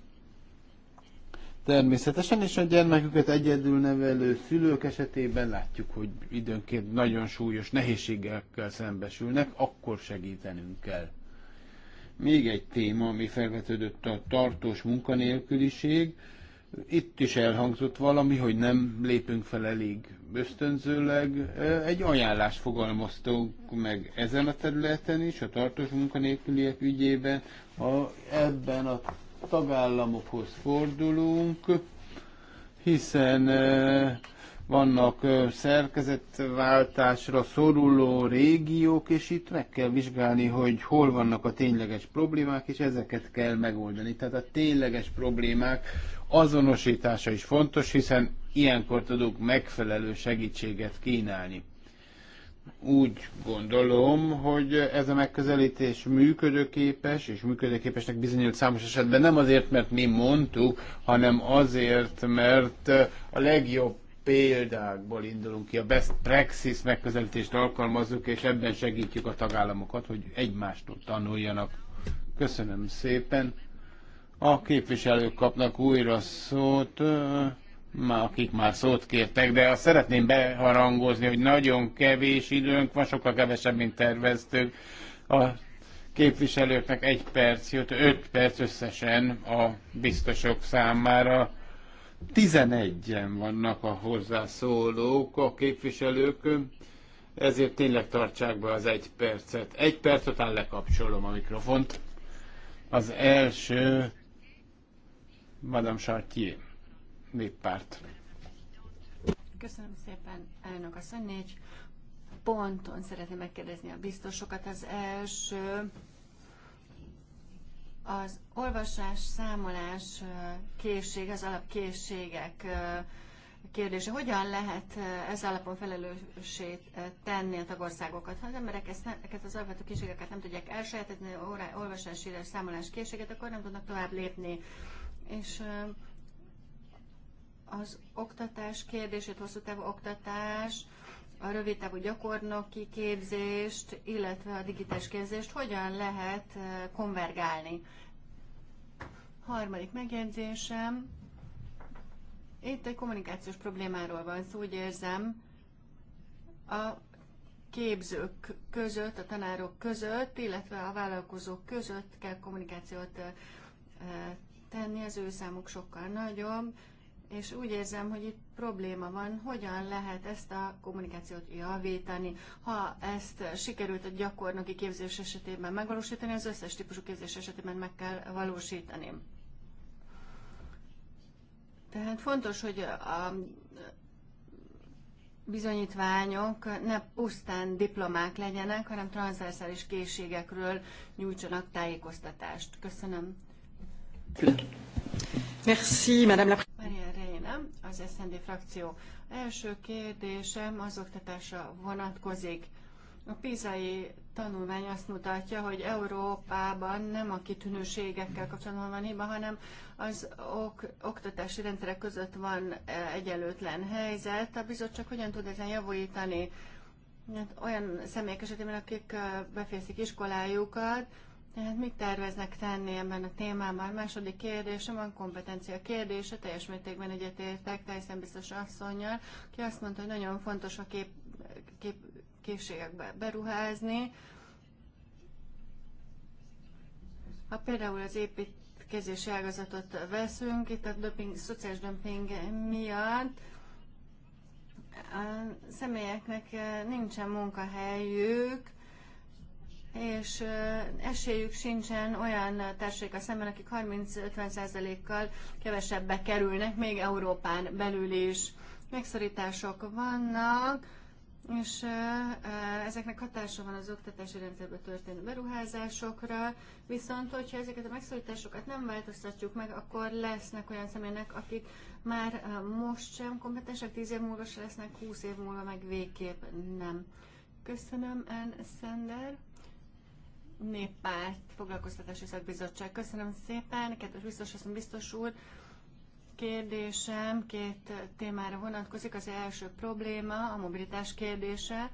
Természetesen, és a gyermeküket egyedül nevelő szülők esetében látjuk, hogy időnként nagyon súlyos nehézségekkel szembesülnek, akkor segítenünk kell. Még egy téma, ami felvetődött a tartós munkanélküliség. Itt is elhangzott valami, hogy nem lépünk fel elég ösztönzőleg. Egy ajánlást fogalmaztunk meg ezen a területen is, a tartós munkanélküliek ügyében. A, ebben a tagállamokhoz fordulunk, hiszen vannak szerkezetváltásra szoruló régiók, és itt meg kell vizsgálni, hogy hol vannak a tényleges problémák, és ezeket kell megoldani. Tehát a tényleges problémák azonosítása is fontos, hiszen ilyenkor tudunk megfelelő segítséget kínálni. Úgy gondolom, hogy ez a megközelítés működőképes, és működőképesnek bizonyult számos esetben nem azért, mert mi mondtuk, hanem azért, mert a legjobb példákból indulunk ki, a best praxis megközelítést alkalmazzuk, és ebben segítjük a tagállamokat, hogy egymástól tanuljanak. Köszönöm szépen. A képviselők kapnak újra szót, ma akik már szót kértek, de azt szeretném beharangozni, hogy nagyon kevés időnk van, sokkal kevesebb, mint terveztük. A képviselőknek egy perc jött, öt perc összesen a biztosok számára. 11-en vannak a hozzászólók, a képviselők, ezért tényleg tartsák be az egy percet. Egy perc után lekapcsolom a mikrofont. Az első Madame Chartier, néppárt. Köszönöm szépen, elnök asszony. Négy ponton szeretném megkérdezni a biztosokat. Az első az olvasás, számolás készség, az alapkészségek kérdése. Hogyan lehet ez alapon felelősét tenni a tagországokat? Ha az emberek ezt, nem, ezeket az alapvető készségeket nem tudják elsajátítani, olvasás, írás, számolás készséget, akkor nem tudnak tovább lépni és az oktatás kérdését, hosszú távú oktatás, a rövid távú gyakornoki képzést, illetve a digitális képzést hogyan lehet konvergálni. Harmadik megjegyzésem, itt egy kommunikációs problémáról van szó, úgy érzem, a képzők között, a tanárok között, illetve a vállalkozók között kell kommunikációt tenni, az ő számuk sokkal nagyobb, és úgy érzem, hogy itt probléma van, hogyan lehet ezt a kommunikációt javítani. Ha ezt sikerült a gyakornoki képzés esetében megvalósítani, az összes típusú képzés esetében meg kell valósítani. Tehát fontos, hogy a bizonyítványok ne pusztán diplomák legyenek, hanem transzerszális készségekről nyújtsanak tájékoztatást. Köszönöm. Merci, Madame la Maria Reina, az SZND frakció. Első kérdésem az oktatásra vonatkozik. A pizai tanulmány azt mutatja, hogy Európában nem a kitűnőségekkel kapcsolatban van hiba, hanem az ok- oktatási rendszerek között van e, egyenlőtlen helyzet. A bizottság hogyan tud ezen javítani? Hát olyan személyek esetében, akik e, befejezik iskolájukat, tehát mit terveznek tenni ebben a témában? Második kérdésem van kompetencia kérdése, teljes mértékben egyetértek teljesen biztos asszonynal, aki azt mondta, hogy nagyon fontos a kép, kép, készségekbe beruházni. Ha például az építkezési ágazatot veszünk, itt a döping, szociális dömping miatt, a személyeknek eh, nincsen munkahelyük, és esélyük sincsen olyan társaika szemben, akik 30-50%-kal kevesebbe kerülnek, még Európán belül is. Megszorítások vannak, és ezeknek hatása van az oktatási rendszerben történő beruházásokra, viszont hogyha ezeket a megszorításokat nem változtatjuk meg, akkor lesznek olyan személynek, akik már most sem kompetensek, 10 év múlva se lesznek, 20 év múlva meg végképp nem. Köszönöm, Anne Sender. Néppárt Foglalkoztatási Szakbizottság. Köszönöm szépen, kedves biztos, biztos úr. Kérdésem két témára vonatkozik. Az első probléma a mobilitás kérdése.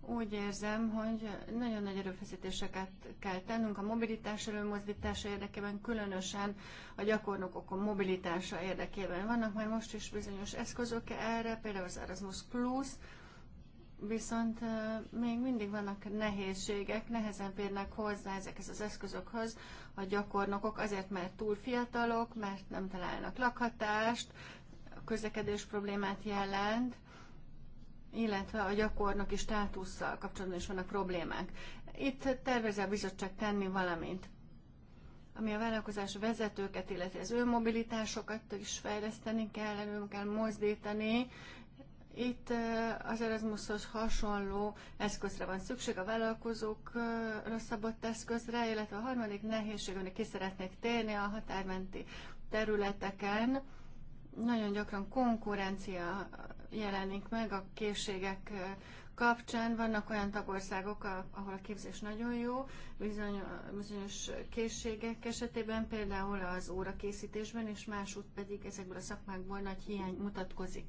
Úgy érzem, hogy nagyon nagy erőfeszítéseket kell tennünk a mobilitás előmozdítása érdekében, különösen a gyakornokok a mobilitása érdekében. Vannak már most is bizonyos eszközök erre, például az Erasmus Plus, viszont még mindig vannak nehézségek, nehezen férnek hozzá ezekhez az eszközökhöz a gyakornokok, azért mert túl fiatalok, mert nem találnak lakhatást, a közlekedés problémát jelent, illetve a gyakornoki státusszal kapcsolatban is vannak problémák. Itt tervezze a bizottság tenni valamint ami a vállalkozás vezetőket, illetve az ő mobilitásokat is fejleszteni kell, elő kell mozdítani, itt eh, az Erasmushoz hasonló eszközre van szükség, a vállalkozók. rosszabbott eszközre, illetve a harmadik nehézség, amit ki szeretnék térni a határmenti területeken, nagyon gyakran konkurencia jelenik meg a készségek eh, kapcsán. Vannak olyan tagországok, ahol a képzés nagyon jó, bizonyos készségek esetében, például az órakészítésben, és másút pedig ezekből a szakmákból nagy hiány mutatkozik.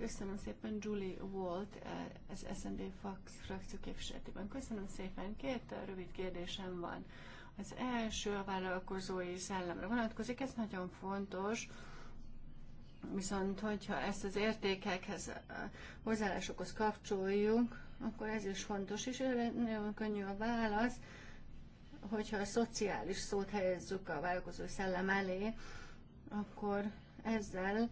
Köszönöm szépen Julie Walt, az SND Fox frakció képviseletében. Köszönöm szépen. Két rövid kérdésem van. Az első a vállalkozói szellemre vonatkozik, ez nagyon fontos, viszont hogyha ezt az értékekhez, hozzáállásokhoz kapcsoljuk, akkor ez is fontos, és erre nagyon könnyű a válasz, hogyha a szociális szót helyezzük a vállalkozói szellem elé, akkor ezzel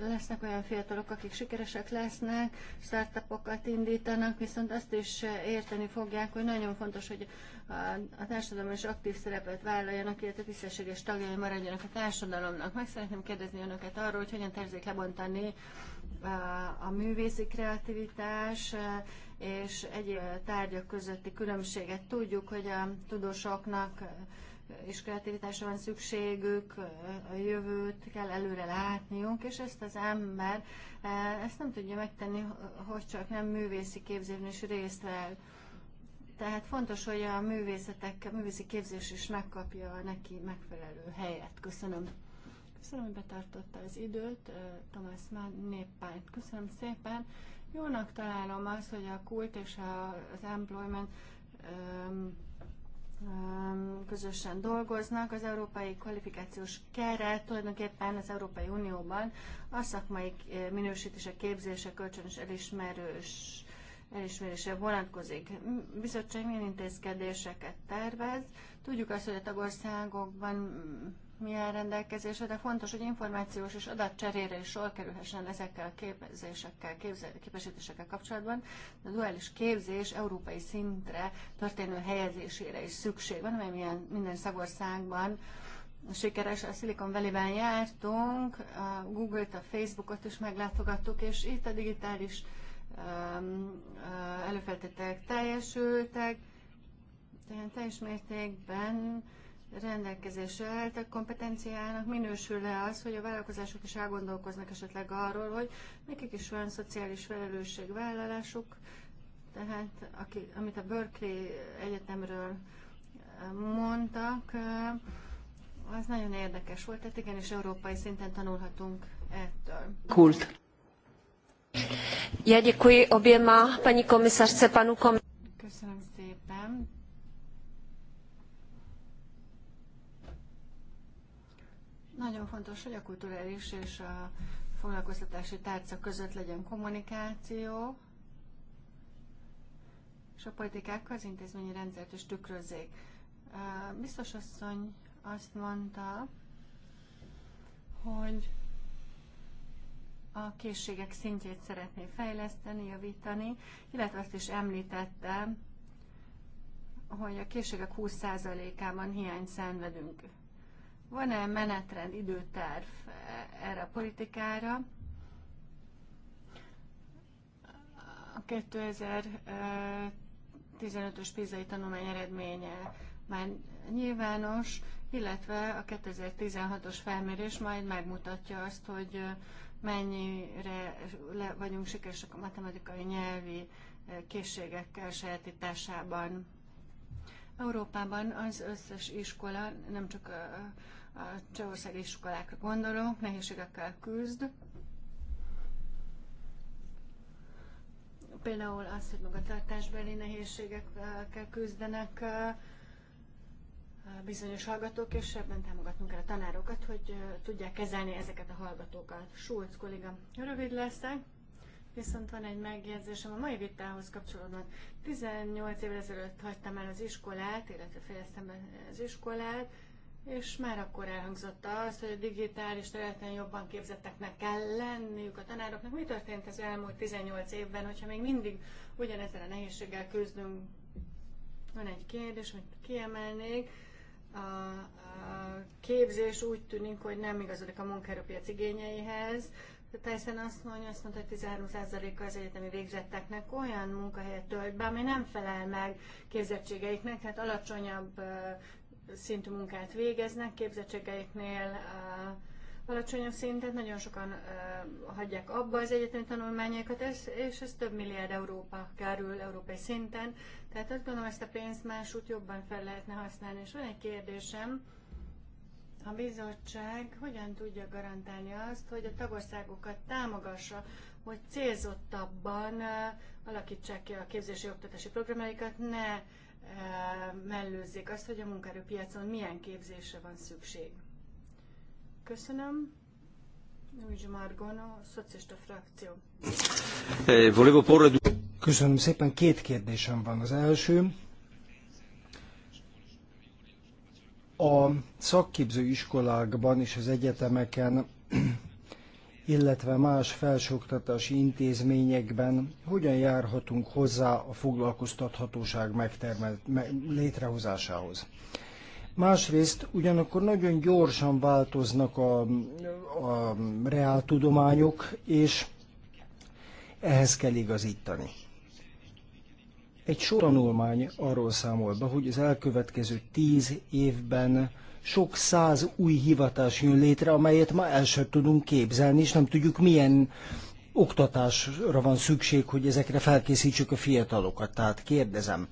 lesznek olyan fiatalok, akik sikeresek lesznek, startupokat indítanak, viszont azt is érteni fogják, hogy nagyon fontos, hogy a társadalom is aktív szerepet vállaljanak, illetve tisztességes tagjai maradjanak a társadalomnak. Meg szeretném kérdezni önöket arról, hogy hogyan tervezik lebontani a művészi kreativitás e, és egy tárgyak közötti különbséget. Tudjuk, hogy a tudósoknak és kreativitásra van szükségük, a jövőt kell előre látniunk, és ezt az ember ezt nem tudja megtenni, hogy csak nem művészi képzésben is részt vel. Tehát fontos, hogy a művészetek, a művészi képzés is megkapja neki megfelelő helyet. Köszönöm. Köszönöm, hogy betartotta az időt, Tomás már néppányt. Köszönöm szépen. Jónak találom azt, hogy a kult és az employment um, közösen dolgoznak. Az európai kvalifikációs keret tulajdonképpen az Európai Unióban a szakmai minősítése, képzése, kölcsönös elismerős elismerése vonatkozik. Bizottság milyen intézkedéseket tervez? Tudjuk azt, hogy a tagországokban mi áll rendelkezésre, de fontos, hogy információs és adatcserére is sor kerülhessen ezekkel a képzésekkel, képze, képesítésekkel kapcsolatban. De a duális képzés európai szintre történő helyezésére is szükség van, amely milyen, minden szagországban sikeres a Silicon Valley-ben jártunk, a Google-t, a Facebookot is meglátogattuk, és itt a digitális um, előfeltételek teljesültek, tehát teljes mértékben rendelkezésre álltak kompetenciának, minősül le az, hogy a vállalkozások is elgondolkoznak esetleg arról, hogy nekik is van szociális felelősségvállalásuk, tehát aki, amit a Berkeley Egyetemről eh, mondtak, eh, az nagyon érdekes volt, tehát igenis európai szinten tanulhatunk ettől. Kult. Ja, děkuji oběma paní komisařce, panu komisařce. Köszönöm szépen Nagyon fontos, hogy a kulturális és a foglalkoztatási tárca között legyen kommunikáció, és a politikák az intézményi rendszert is tükrözzék. Biztos asszony azt mondta, hogy a készségek szintjét szeretné fejleszteni, javítani, illetve azt is említette, hogy a készségek 20%-ában hiány szenvedünk. Van-e menetrend, időterv eh, erre a politikára? A 2015-ös pizai tanulmány eredménye már nyilvános, illetve a 2016-os felmérés majd megmutatja azt, hogy eh, mennyire le vagyunk sikeresek a matematikai nyelvi eh, készségekkel sajátításában. Európában az összes iskola, nem csak a a csehországi iskolákra gondolunk, nehézségekkel küzd. Például az, hogy magatartásbeli nehézségekkel küzdenek bizonyos hallgatók, és ebben támogatnunk el a tanárokat, hogy tudják kezelni ezeket a hallgatókat. Schulz kolléga, rövid leszek. Viszont van egy megjegyzésem a mai vitához kapcsolódóan. 18 évvel ezelőtt hagytam el az iskolát, illetve fejeztem be az iskolát, és már akkor elhangzott az, hogy a digitális területen jobban képzetteknek kell lenniük a tanároknak. Mi történt az elmúlt 18 évben, hogyha még mindig ugyanezzel a nehézséggel küzdünk? Van egy kérdés, amit kiemelnék. A, a képzés úgy tűnik, hogy nem igazodik a munkaerőpiac igényeihez. Tyson azt mondja, azt mondta, hogy 13%-a az egyetemi végzetteknek olyan munkahelyet tölt be, ami nem felel meg képzettségeiknek, tehát alacsonyabb szintű munkát végeznek, képzettségeiknél alacsonyabb szintet, nagyon sokan hagyják abba az egyetemi tanulmányaikat, és ez több milliárd Európa kerül európai szinten. Tehát azt gondolom, ezt a pénzt más út jobban fel lehetne használni. És van egy kérdésem, a bizottság hogyan tudja garantálni azt, hogy a tagországokat támogassa, hogy célzottabban alakítsák ki a képzési oktatási programjaikat, ne mellőzzék azt, hogy a munkaerőpiacon milyen képzésre van szükség. Köszönöm. Luigi Margono, szocista frakció. Eh, Köszönöm szépen. Két kérdésem van. Az első, a szakképző iskolákban és az egyetemeken illetve más felsőoktatási intézményekben hogyan járhatunk hozzá a foglalkoztathatóság megtermelt, me, létrehozásához. Másrészt ugyanakkor nagyon gyorsan változnak a, a reáltudományok, és ehhez kell igazítani. Egy sor tanulmány arról számol be, hogy az elkövetkező tíz évben sok száz új hivatás jön létre, amelyet ma el sem tudunk képzelni, és nem tudjuk milyen oktatásra van szükség, hogy ezekre felkészítsük a fiatalokat. Tehát kérdezem,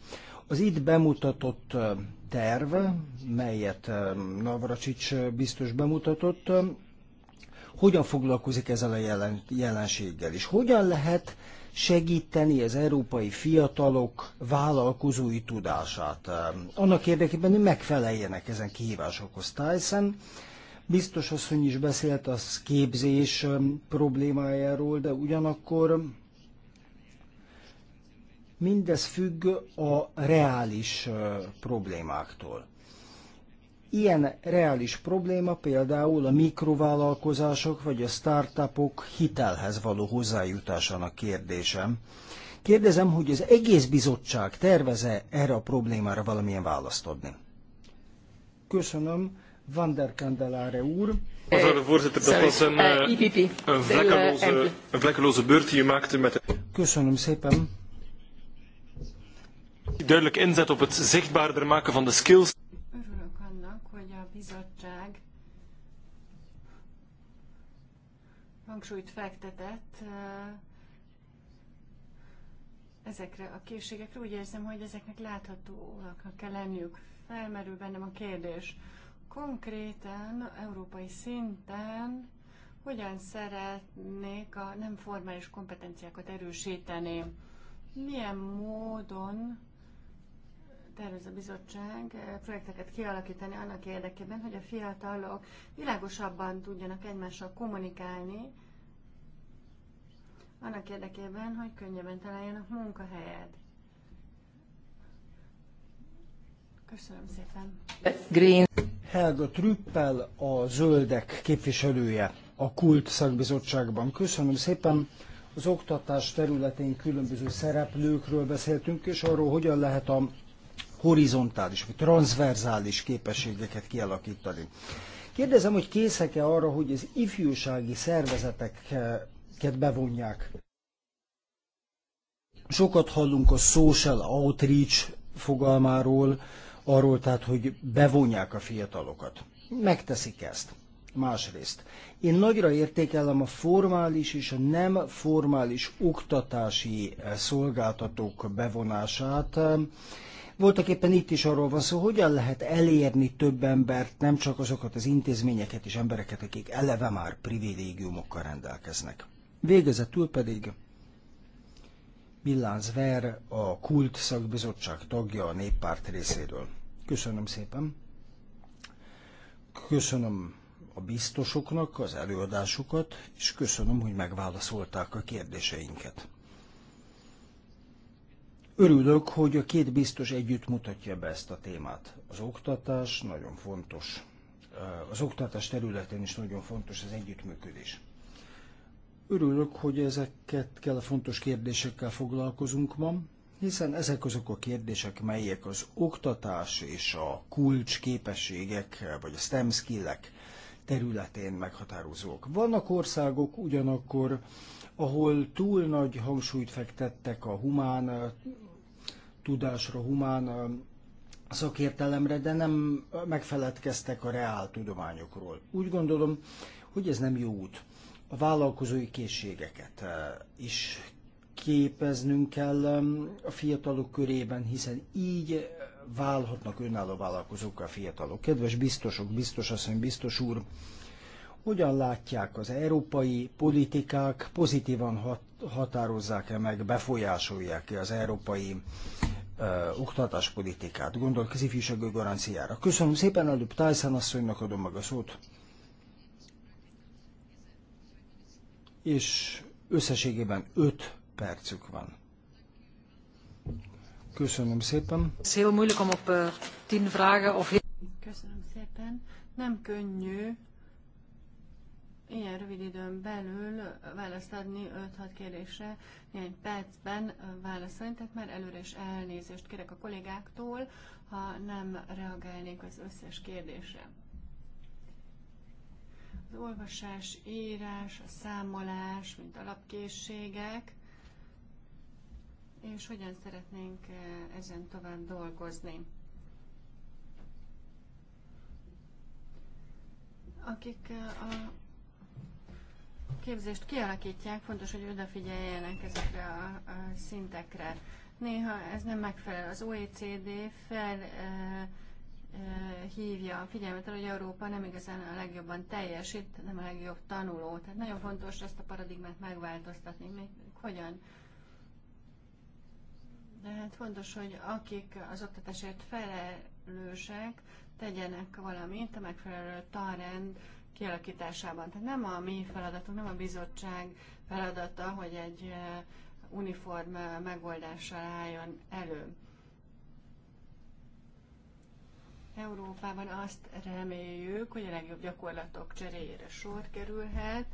az itt bemutatott terv, melyet Navracsics biztos bemutatott, hogyan foglalkozik ezzel a jelen, jelenséggel, és hogyan lehet segíteni az európai fiatalok vállalkozói tudását. Annak érdekében, hogy megfeleljenek ezen kihívásokhoz. Tyson biztos asszony is beszélt a képzés um, problémájáról, de ugyanakkor mindez függ a reális uh, problémáktól. Ilyen reális probléma például a mikrovállalkozások vagy a startupok hitelhez való hozzájutásának kérdésem. Kérdezem, hogy az egész bizottság terveze erre a problémára valamilyen választ adni. Köszönöm, Van der Kandelare úr. Köszönöm szépen. Duidelijk inzet op het zichtbaarder maken van de skills bizottság hangsúlyt fektetett ezekre a készségekre. Úgy érzem, hogy ezeknek láthatóaknak kell lenniük. Felmerül bennem a kérdés. Konkrétan európai szinten hogyan szeretnék a nem formális kompetenciákat erősíteni? Milyen módon tervez a bizottság eh, projekteket kialakítani annak érdekében, hogy a fiatalok világosabban tudjanak egymással kommunikálni, annak érdekében, hogy könnyebben találjanak munkahelyet. Köszönöm szépen. Green. Helga Trüppel, a Zöldek képviselője a Kult szakbizottságban. Köszönöm szépen. Az oktatás területén különböző szereplőkről beszéltünk, és arról, hogyan lehet a horizontális vagy transverzális képességeket kialakítani. Kérdezem, hogy készek-e arra, hogy az ifjúsági szervezeteket bevonják? Sokat hallunk a social outreach fogalmáról, arról tehát, hogy bevonják a fiatalokat. Megteszik ezt. Másrészt, én nagyra értékelem a formális és a nem formális oktatási szolgáltatók bevonását, voltak éppen itt is arról van szó, hogyan lehet elérni több embert, nem csak azokat az intézményeket és embereket, akik eleve már privilégiumokkal rendelkeznek. Végezetül pedig Millán Zver, a Kult Szakbizottság tagja a néppárt részéről. Köszönöm szépen. Köszönöm a biztosoknak az előadásukat, és köszönöm, hogy megválaszolták a kérdéseinket. Örülök, hogy a két biztos együtt mutatja be ezt a témát. Az oktatás nagyon fontos. Az oktatás területén is nagyon fontos az együttműködés. Örülök, hogy ezeket kell a fontos kérdésekkel foglalkozunk ma, hiszen ezek azok a kérdések, melyek az oktatás és a kulcs képességek, vagy a STEM skillek területén meghatározók. Vannak országok ugyanakkor, ahol túl nagy hangsúlyt fektettek a humán tudásra, humán szakértelemre, de nem megfeledkeztek a reál tudományokról. Úgy gondolom, hogy ez nem jó út. A vállalkozói készségeket is képeznünk kell a fiatalok körében, hiszen így válhatnak önálló vállalkozók a fiatalok. Kedves biztosok, biztos asszony, biztos úr, hogyan látják az európai politikák, pozitívan hat, határozzák-e meg, befolyásolják-e az európai oktatáspolitikát, gondolok az ifjúsági garanciára. Köszönöm szépen, előbb Tyson asszonynak adom meg a szót. És összességében 5 percük van. Köszönöm szépen. Eh, Köszönöm szépen. Nem könnyű ilyen rövid időn belül választ adni 5-6 kérdésre, néhány percben válaszolni, tehát már előre is elnézést kérek a kollégáktól, ha nem reagálnék az összes kérdésre. Az olvasás, írás, a számolás, mint alapkészségek, és hogyan szeretnénk eh, ezen tovább dolgozni. akik eh, a képzést kialakítják, fontos, hogy odafigyeljenek ezekre a, a szintekre. Néha ez nem megfelel. Az OECD fel e, e, hívja a figyelmet arra, hogy Európa nem igazán a legjobban teljesít, nem a legjobb tanuló. Tehát nagyon fontos ezt a paradigmát megváltoztatni. Még hogyan? De hát fontos, hogy akik az oktatásért felelősek, tegyenek valamit, a megfelelő tanrend kialakításában. Tehát nem a mi feladatunk, nem a bizottság feladata, hogy egy eh, uniform eh, megoldással álljon elő. Európában azt reméljük, hogy a legjobb gyakorlatok cseréjére sor kerülhet,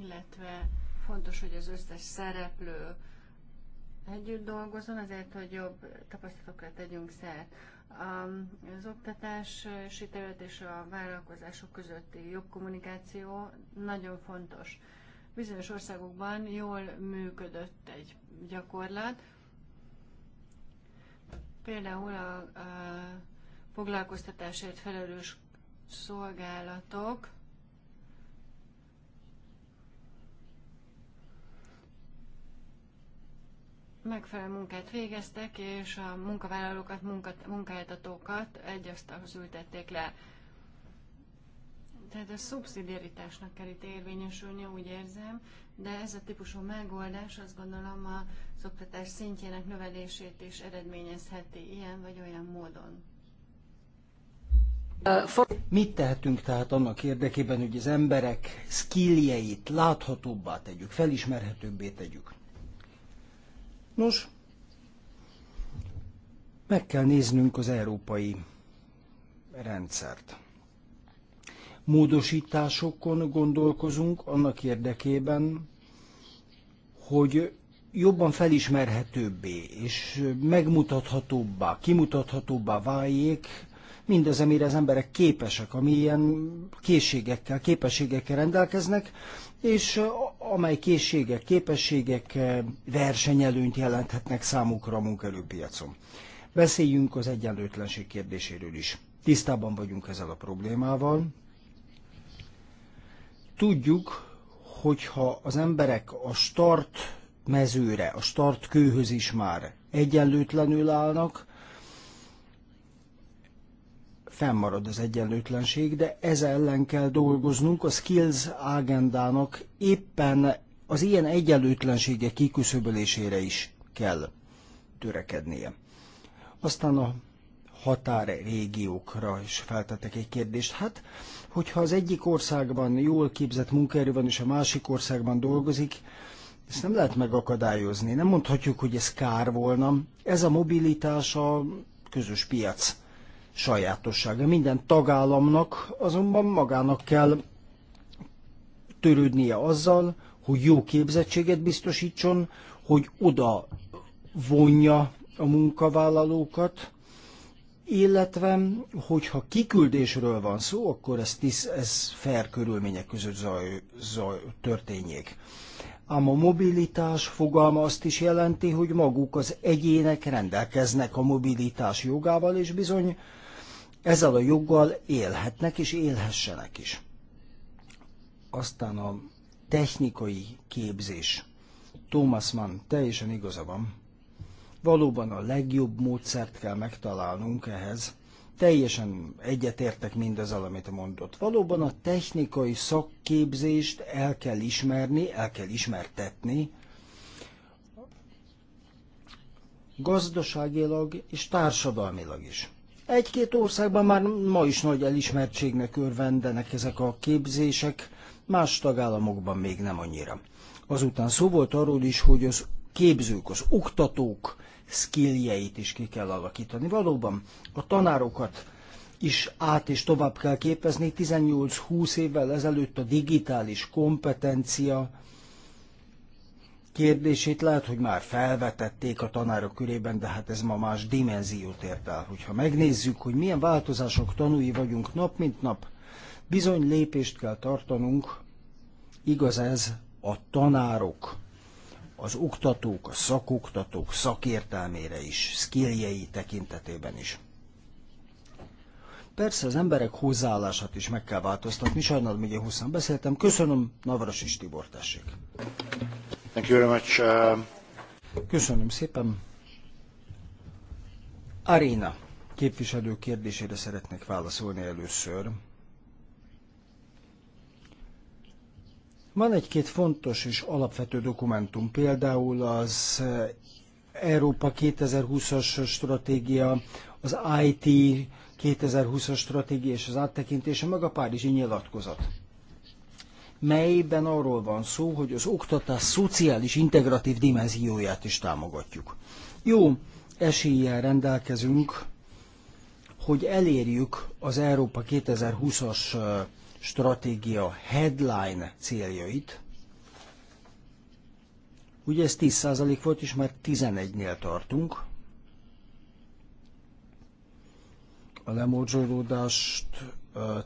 illetve fontos, hogy az összes szereplő együtt dolgozzon, azért, hogy jobb tapasztalatokra tegyünk szert. Az oktatási terület és a vállalkozások közötti jobb kommunikáció nagyon fontos. Bizonyos országokban jól működött egy gyakorlat. Például a, a foglalkoztatásért felelős szolgálatok megfelelő munkát végeztek, és a munkavállalókat, munkat, munkáltatókat egy asztalhoz ültették le. Tehát a szubszidiaritásnak kell itt érvényesülni, úgy érzem, de ez a típusú megoldás azt gondolom a szoktatás szintjének növelését is eredményezheti ilyen vagy olyan módon. Mit tehetünk tehát annak érdekében, hogy az emberek skilljeit láthatóbbá tegyük, felismerhetőbbé tegyük? Nos, meg kell néznünk az európai rendszert. Módosításokon gondolkozunk annak érdekében, hogy jobban felismerhetőbbé és megmutathatóbbá, kimutathatóbbá váljék mindaz, amire az emberek képesek, ami ilyen készségekkel, képességekkel rendelkeznek, és amely készségek, képességek versenyelőnyt jelenthetnek számukra a munkaerőpiacon. Beszéljünk az egyenlőtlenség kérdéséről is. Tisztában vagyunk ezzel a problémával. Tudjuk, hogyha az emberek a start mezőre, a start kőhöz is már egyenlőtlenül állnak, fennmarad az egyenlőtlenség, de ez ellen kell dolgoznunk, a skills agendának éppen az ilyen egyenlőtlensége kiküszöbölésére is kell törekednie. Aztán a határrégiókra is feltettek egy kérdést. Hát, hogyha az egyik országban jól képzett munkaerő van, és a másik országban dolgozik, ezt nem lehet megakadályozni. Nem mondhatjuk, hogy ez kár volna. Ez a mobilitás a közös piac sajátossága. Minden tagállamnak azonban magának kell törődnie azzal, hogy jó képzettséget biztosítson, hogy oda vonja a munkavállalókat, illetve hogyha kiküldésről van szó, akkor ez, tisz, ez fair körülmények között zaj, zaj, történjék. Ám a mobilitás fogalma azt is jelenti, hogy maguk az egyének rendelkeznek a mobilitás jogával, és bizony ezzel a joggal élhetnek és élhessenek is. Aztán a technikai képzés. Thomas Mann, teljesen igaza van. Valóban a legjobb módszert kell megtalálnunk ehhez. Teljesen egyetértek mindezzel, amit mondott. Valóban a technikai szakképzést el kell ismerni, el kell ismertetni, gazdaságilag és társadalmilag is. Egy-két országban már ma is nagy elismertségnek örvendenek ezek a képzések, más tagállamokban még nem annyira. Azután szó volt arról is, hogy az képzők, az oktatók skilljeit is ki kell alakítani. Valóban a tanárokat is át és tovább kell képezni. 18-20 évvel ezelőtt a digitális kompetencia kérdését lehet, hogy már felvetették a tanárok körében, de hát ez ma más dimenziót ért el. Hogyha megnézzük, hogy milyen változások tanúi vagyunk nap mint nap, bizony lépést kell tartanunk, igaz ez a tanárok, az oktatók, a szakoktatók szakértelmére is, skilljei tekintetében is. Persze az emberek hozzáállását is meg kell változtatni, sajnálom, hogy én hosszan beszéltem. Köszönöm, Navras és Tibor, tessék. Thank you very much. Uh, Köszönöm szépen. Aréna képviselő kérdésére szeretnék válaszolni először. Van egy-két fontos és alapvető dokumentum, például az Európa 2020-as stratégia, az IT 2020-as stratégia és az áttekintése, meg a Párizsi nyilatkozat melyben arról van szó, hogy az oktatás szociális integratív dimenzióját is támogatjuk. Jó eséllyel rendelkezünk, hogy elérjük az Európa 2020-as stratégia headline céljait. Ugye ez 10% volt, és már 11-nél tartunk. A lemorzsolódást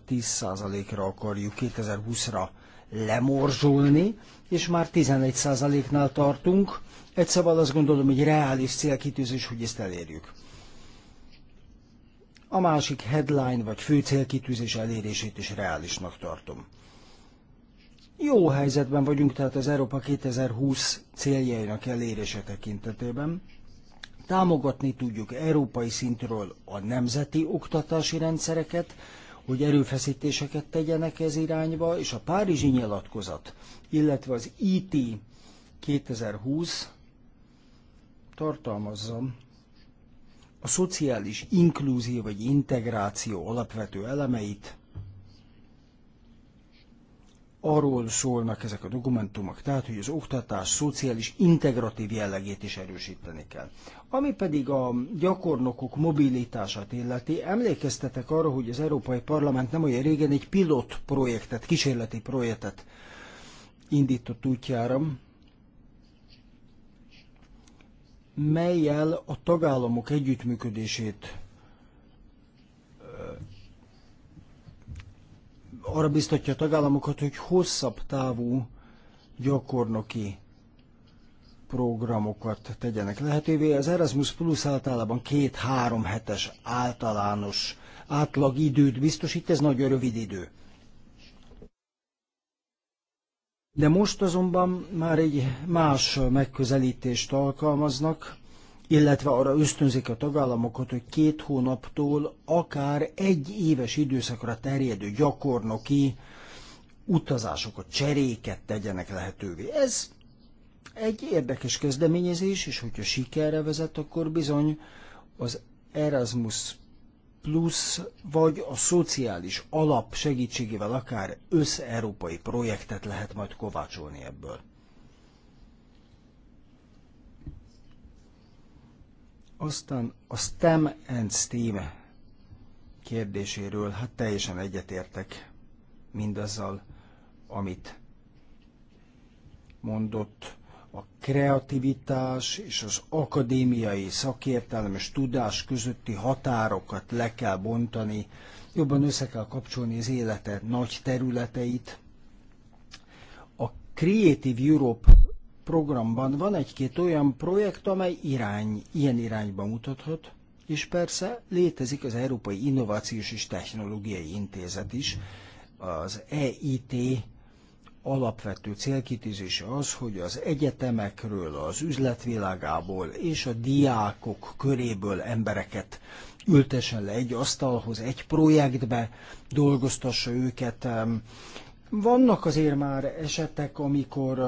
10%-ra akarjuk 2020-ra lemorzsolni, és már 11%-nál tartunk. Egy szóval azt gondolom, hogy reális célkitűzés, hogy ezt elérjük. A másik headline vagy fő célkitűzés elérését is reálisnak tartom. Jó helyzetben vagyunk tehát az Európa 2020 céljainak elérése tekintetében. Támogatni tudjuk európai szintről a nemzeti oktatási rendszereket, hogy erőfeszítéseket tegyenek ez irányba, és a Párizsi nyilatkozat, illetve az IT 2020 tartalmazza a szociális inkluzió vagy integráció alapvető elemeit, arról szólnak ezek a dokumentumok, tehát, hogy az oktatás szociális integratív jellegét is erősíteni kell. Ami pedig a gyakornokok mobilitását illeti, emlékeztetek arra, hogy az Európai Parlament nem olyan régen egy pilot projektet, kísérleti projektet indított útjára, melyel a tagállamok együttműködését arra biztatja a tagállamokat, hogy hosszabb távú gyakornoki programokat tegyenek lehetővé. Az Erasmus Plus általában két-három hetes általános átlag időt biztosít, ez nagyon rövid idő. De most azonban már egy más megközelítést alkalmaznak, illetve arra ösztönzik a tagállamokat, hogy két hónaptól akár egy éves időszakra terjedő gyakornoki utazásokat, cseréket tegyenek lehetővé. Ez egy érdekes kezdeményezés, és hogyha sikerre vezet, akkor bizony az Erasmus Plus vagy a szociális alap segítségével akár összeurópai projektet lehet majd kovácsolni ebből. Aztán a STEM and STEAM kérdéséről, hát teljesen egyetértek mindazzal, amit mondott a kreativitás és az akadémiai szakértelem és tudás közötti határokat le kell bontani, jobban össze kell kapcsolni az élete nagy területeit. A Creative Europe programban van egy-két olyan projekt, amely irány, ilyen irányba mutathat, és persze létezik az Európai Innovációs és Technológiai Intézet is, az EIT alapvető célkitűzése az, hogy az egyetemekről, az üzletvilágából és a diákok köréből embereket ültessen le egy asztalhoz, egy projektbe, dolgoztassa őket, vannak azért már esetek, amikor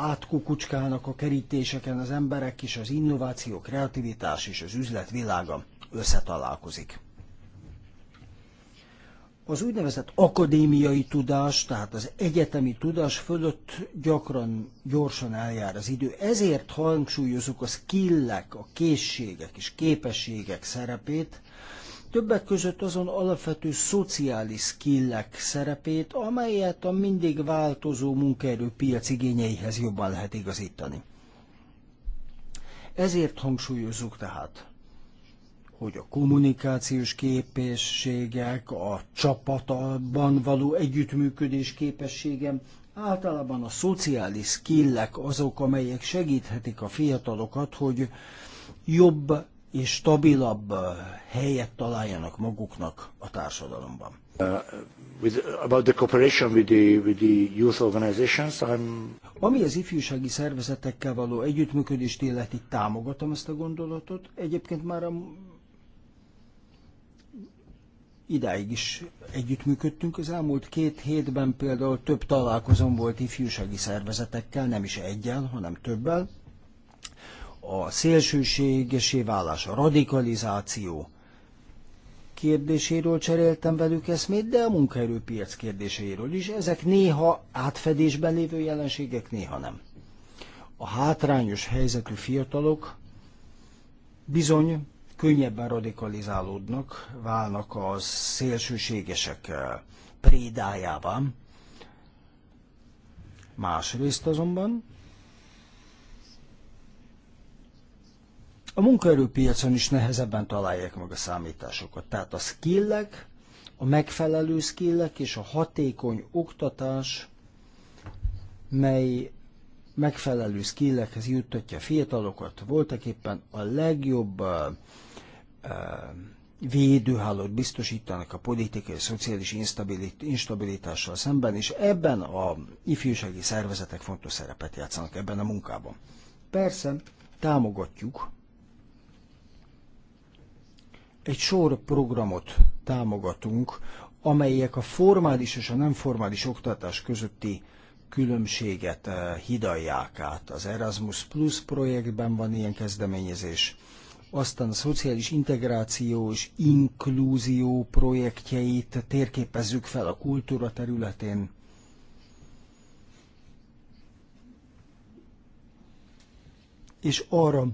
átkukucskálnak a kerítéseken az emberek, és az innováció, kreativitás és az üzlet világa összetalálkozik. Az úgynevezett akadémiai tudás, tehát az egyetemi tudás fölött gyakran gyorsan eljár az idő. Ezért hangsúlyozunk a skillek, a készségek és képességek szerepét, Többek között azon alapvető szociális skillek szerepét, amelyet a mindig változó munkaerőpiac igényeihez jobban lehet igazítani. Ezért hangsúlyozzuk tehát, hogy a kommunikációs képességek, a csapatban való együttműködés képességem, általában a szociális skillek azok, amelyek segíthetik a fiatalokat, hogy jobb és stabilabb helyet találjanak maguknak a társadalomban. Uh, with, about the cooperation with the, with the youth I'm... Ami az ifjúsági szervezetekkel való együttműködést illeti, támogatom ezt a gondolatot. Egyébként már a idáig is együttműködtünk. Az elmúlt két hétben például több találkozom volt ifjúsági szervezetekkel, nem is egyel, hanem többel a szélsőségesé válás, a radikalizáció kérdéséről cseréltem velük eszmét, de a munkaerőpiac kérdéséről is. Ezek néha átfedésben lévő jelenségek, néha nem. A hátrányos helyzetű fiatalok bizony könnyebben radikalizálódnak, válnak a szélsőségesek eh, prédájában. Másrészt azonban a munkaerőpiacon is nehezebben találják meg a számításokat. Tehát a skillek, a megfelelő skillek és a hatékony oktatás, mely megfelelő skillekhez juttatja fiatalokat, voltak éppen a legjobb védőhálót biztosítanak a politikai és szociális instabilitással szemben, és ebben a ifjúsági szervezetek fontos szerepet játszanak ebben a munkában. Persze, támogatjuk egy sor programot támogatunk, amelyek a formális és a nem formális oktatás közötti különbséget eh, hidalják át. Az Erasmus Plus projektben van ilyen kezdeményezés, aztán a szociális integráció és inklúzió projektjeit térképezzük fel a kultúra területén. És arra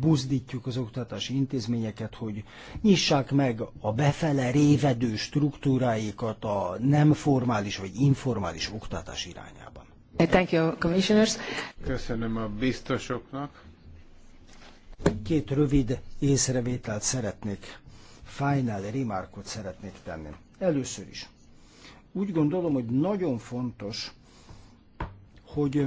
buzdítjuk az oktatási intézményeket, hogy nyissák meg a befele révedő struktúráikat a nem formális vagy informális oktatás irányában. Thank you, commissioners. Köszönöm a biztosoknak. Két rövid észrevételt szeretnék, final remarkot szeretnék tenni. Először is. Úgy gondolom, hogy nagyon fontos, hogy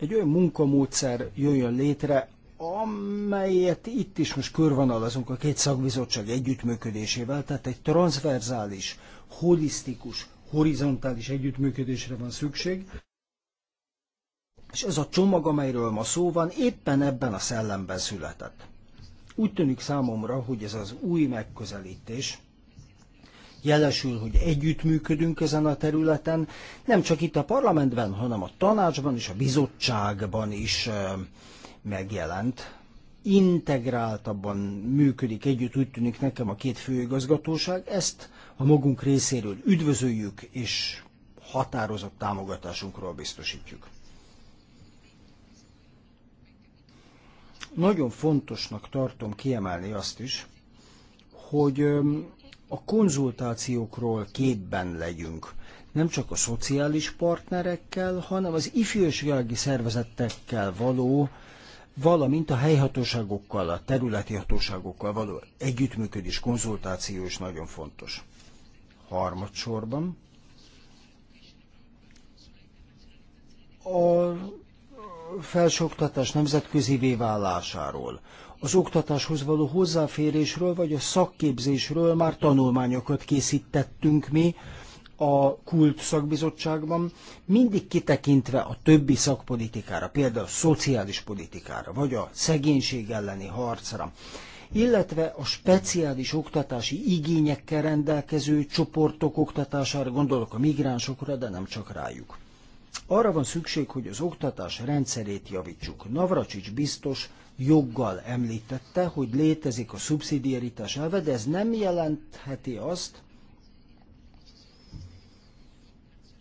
egy olyan munkamódszer jöjjön létre, amelyet itt is most körvonalazunk a két szakbizottság együttműködésével, tehát egy transverzális, holisztikus, horizontális együttműködésre van szükség. És ez a csomag, amelyről ma szó van, éppen ebben a szellemben született. Úgy tűnik számomra, hogy ez az új megközelítés jelesül, hogy együttműködünk ezen a területen, nem csak itt a parlamentben, hanem a tanácsban és a bizottságban is eh, megjelent, integráltabban működik együtt, úgy tűnik nekem a két főigazgatóság. Ezt a magunk részéről üdvözöljük, és határozott támogatásunkról biztosítjuk. Nagyon fontosnak tartom kiemelni azt is, hogy a konzultációkról képben legyünk. Nem csak a szociális partnerekkel, hanem az ifjúsági szervezetekkel való valamint a helyhatóságokkal, a területi hatóságokkal való együttműködés, konzultáció is nagyon fontos. Harmadsorban a felsőoktatás nemzetközi válásáról, az oktatáshoz való hozzáférésről vagy a szakképzésről már tanulmányokat készítettünk mi, a kult szakbizottságban, mindig kitekintve a többi szakpolitikára, például a szociális politikára, vagy a szegénység elleni harcra, illetve a speciális oktatási igényekkel rendelkező csoportok oktatására, gondolok a migránsokra, de nem csak rájuk. Arra van szükség, hogy az oktatás rendszerét javítsuk. Navracsics biztos joggal említette, hogy létezik a szubszidiaritás elve, de ez nem jelentheti azt,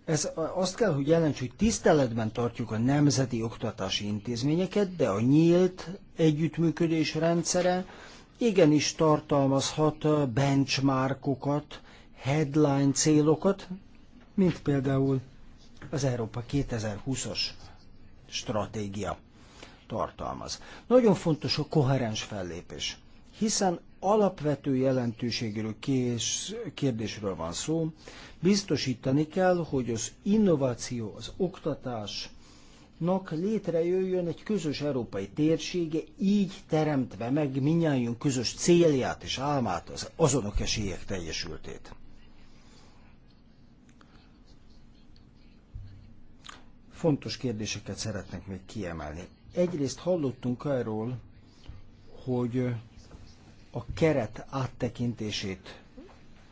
Ez azt kell, hogy jelents, hogy tiszteletben tartjuk a nemzeti oktatási intézményeket, de a nyílt együttműködés rendszere igenis tartalmazhat benchmarkokat, headline célokat, mint például az Európa 2020-as stratégia tartalmaz. Nagyon fontos a koherens fellépés hiszen alapvető jelentőségű kérdésről van szó. Biztosítani kell, hogy az innováció, az oktatás, nak létrejöjjön egy közös európai térsége, így teremtve meg minnyájunk közös célját és álmát, az azonok esélyek teljesültét. Fontos kérdéseket szeretnék még kiemelni. Egyrészt hallottunk arról, hogy a keret áttekintését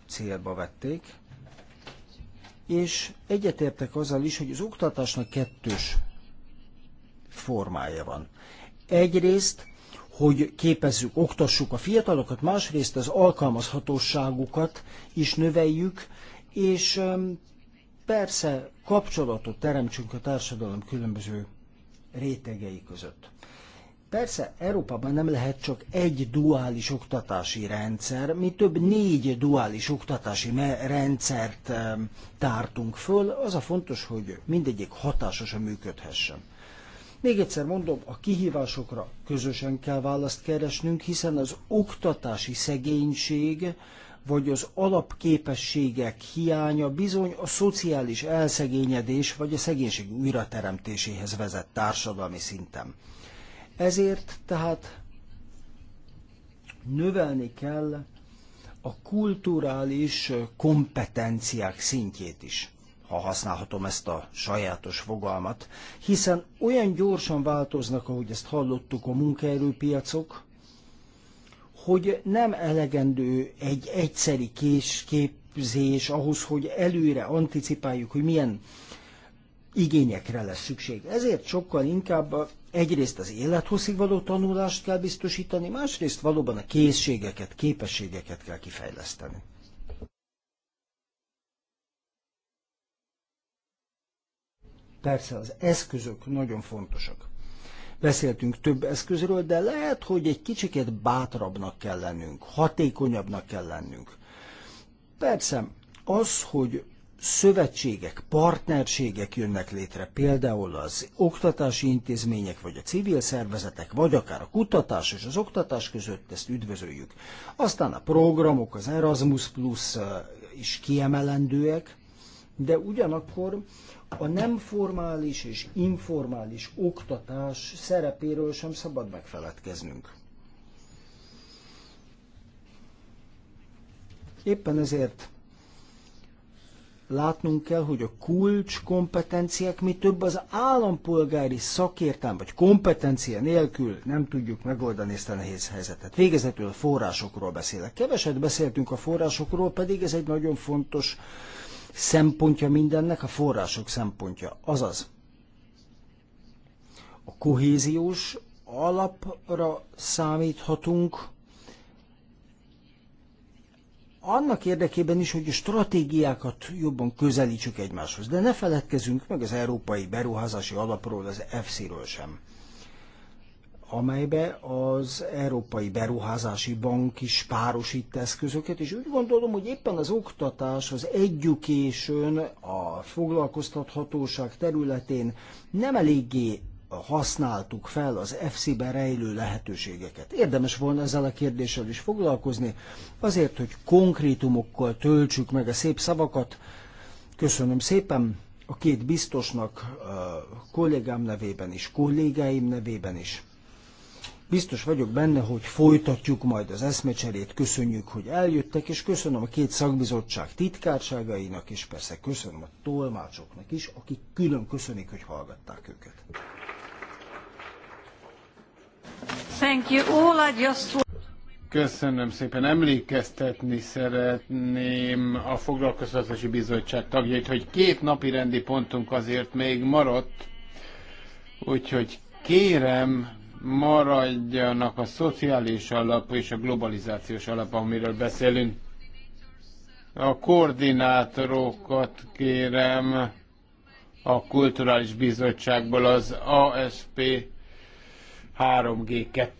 célba vették, és egyetértek azzal is, hogy az oktatásnak kettős formája van. Egyrészt, hogy képezzük, oktassuk a fiatalokat, másrészt az alkalmazhatóságukat is növeljük, és persze kapcsolatot teremtsünk a társadalom különböző rétegei között. Persze, Európában nem lehet csak egy duális oktatási rendszer, mi több négy duális oktatási rendszert tártunk föl, az a fontos, hogy mindegyik hatásosan működhessen. Még egyszer mondom, a kihívásokra közösen kell választ keresnünk, hiszen az oktatási szegénység vagy az alapképességek hiánya bizony a szociális elszegényedés vagy a szegénység újrateremtéséhez vezet társadalmi szinten. Ezért tehát növelni kell a kulturális kompetenciák szintjét is, ha használhatom ezt a sajátos fogalmat, hiszen olyan gyorsan változnak, ahogy ezt hallottuk, a munkaerőpiacok, hogy nem elegendő egy egyszeri késképzés ahhoz, hogy előre anticipáljuk, hogy milyen igényekre lesz szükség. Ezért sokkal inkább egyrészt az élethosszig való tanulást kell biztosítani, másrészt valóban a készségeket, képességeket kell kifejleszteni. Persze az eszközök nagyon fontosak. Beszéltünk több eszközről, de lehet, hogy egy kicsikét bátrabbnak kell lennünk, hatékonyabbnak kell lennünk. Persze, az, hogy szövetségek, partnerségek jönnek létre, például az oktatási intézmények, vagy a civil szervezetek, vagy akár a kutatás és az oktatás között, ezt üdvözöljük. Aztán a programok, az Erasmus Plus eh, is kiemelendőek, de ugyanakkor a nem formális és informális oktatás szerepéről sem szabad megfeledkeznünk. Éppen ezért látnunk kell, hogy a kulcs kompetenciák mi több az állampolgári szakértelm vagy kompetencia nélkül nem tudjuk megoldani ezt a nehéz helyzetet. Végezetül forrásokról beszélek. Keveset beszéltünk a forrásokról, pedig ez egy nagyon fontos szempontja mindennek, a források szempontja. Azaz, a kohéziós alapra számíthatunk, annak érdekében is, hogy a stratégiákat jobban közelítsük egymáshoz. De ne feledkezzünk meg az Európai Beruházási Alapról, az EFSZ-ről sem amelybe az Európai Beruházási Bank is párosít eszközöket, és úgy gondolom, hogy éppen az oktatás, az education, a foglalkoztathatóság területén nem eléggé használtuk fel az FC-ben rejlő lehetőségeket. Érdemes volna ezzel a kérdéssel is foglalkozni, azért, hogy konkrétumokkal töltsük meg a szép szavakat. Köszönöm szépen a két biztosnak, a kollégám nevében is, kollégáim nevében is. Biztos vagyok benne, hogy folytatjuk majd az eszmecserét, köszönjük, hogy eljöttek, és köszönöm a két szakbizottság titkárságainak, és persze köszönöm a tolmácsoknak is, akik külön köszönik, hogy hallgatták őket. Köszönöm szépen. Emlékeztetni szeretném a Foglalkoztatási Bizottság tagjait, hogy két napi rendi pontunk azért még maradt, úgyhogy kérem, maradjanak a szociális alap és a globalizációs alap, amiről beszélünk. A koordinátorokat kérem a Kulturális Bizottságból az ASP 3G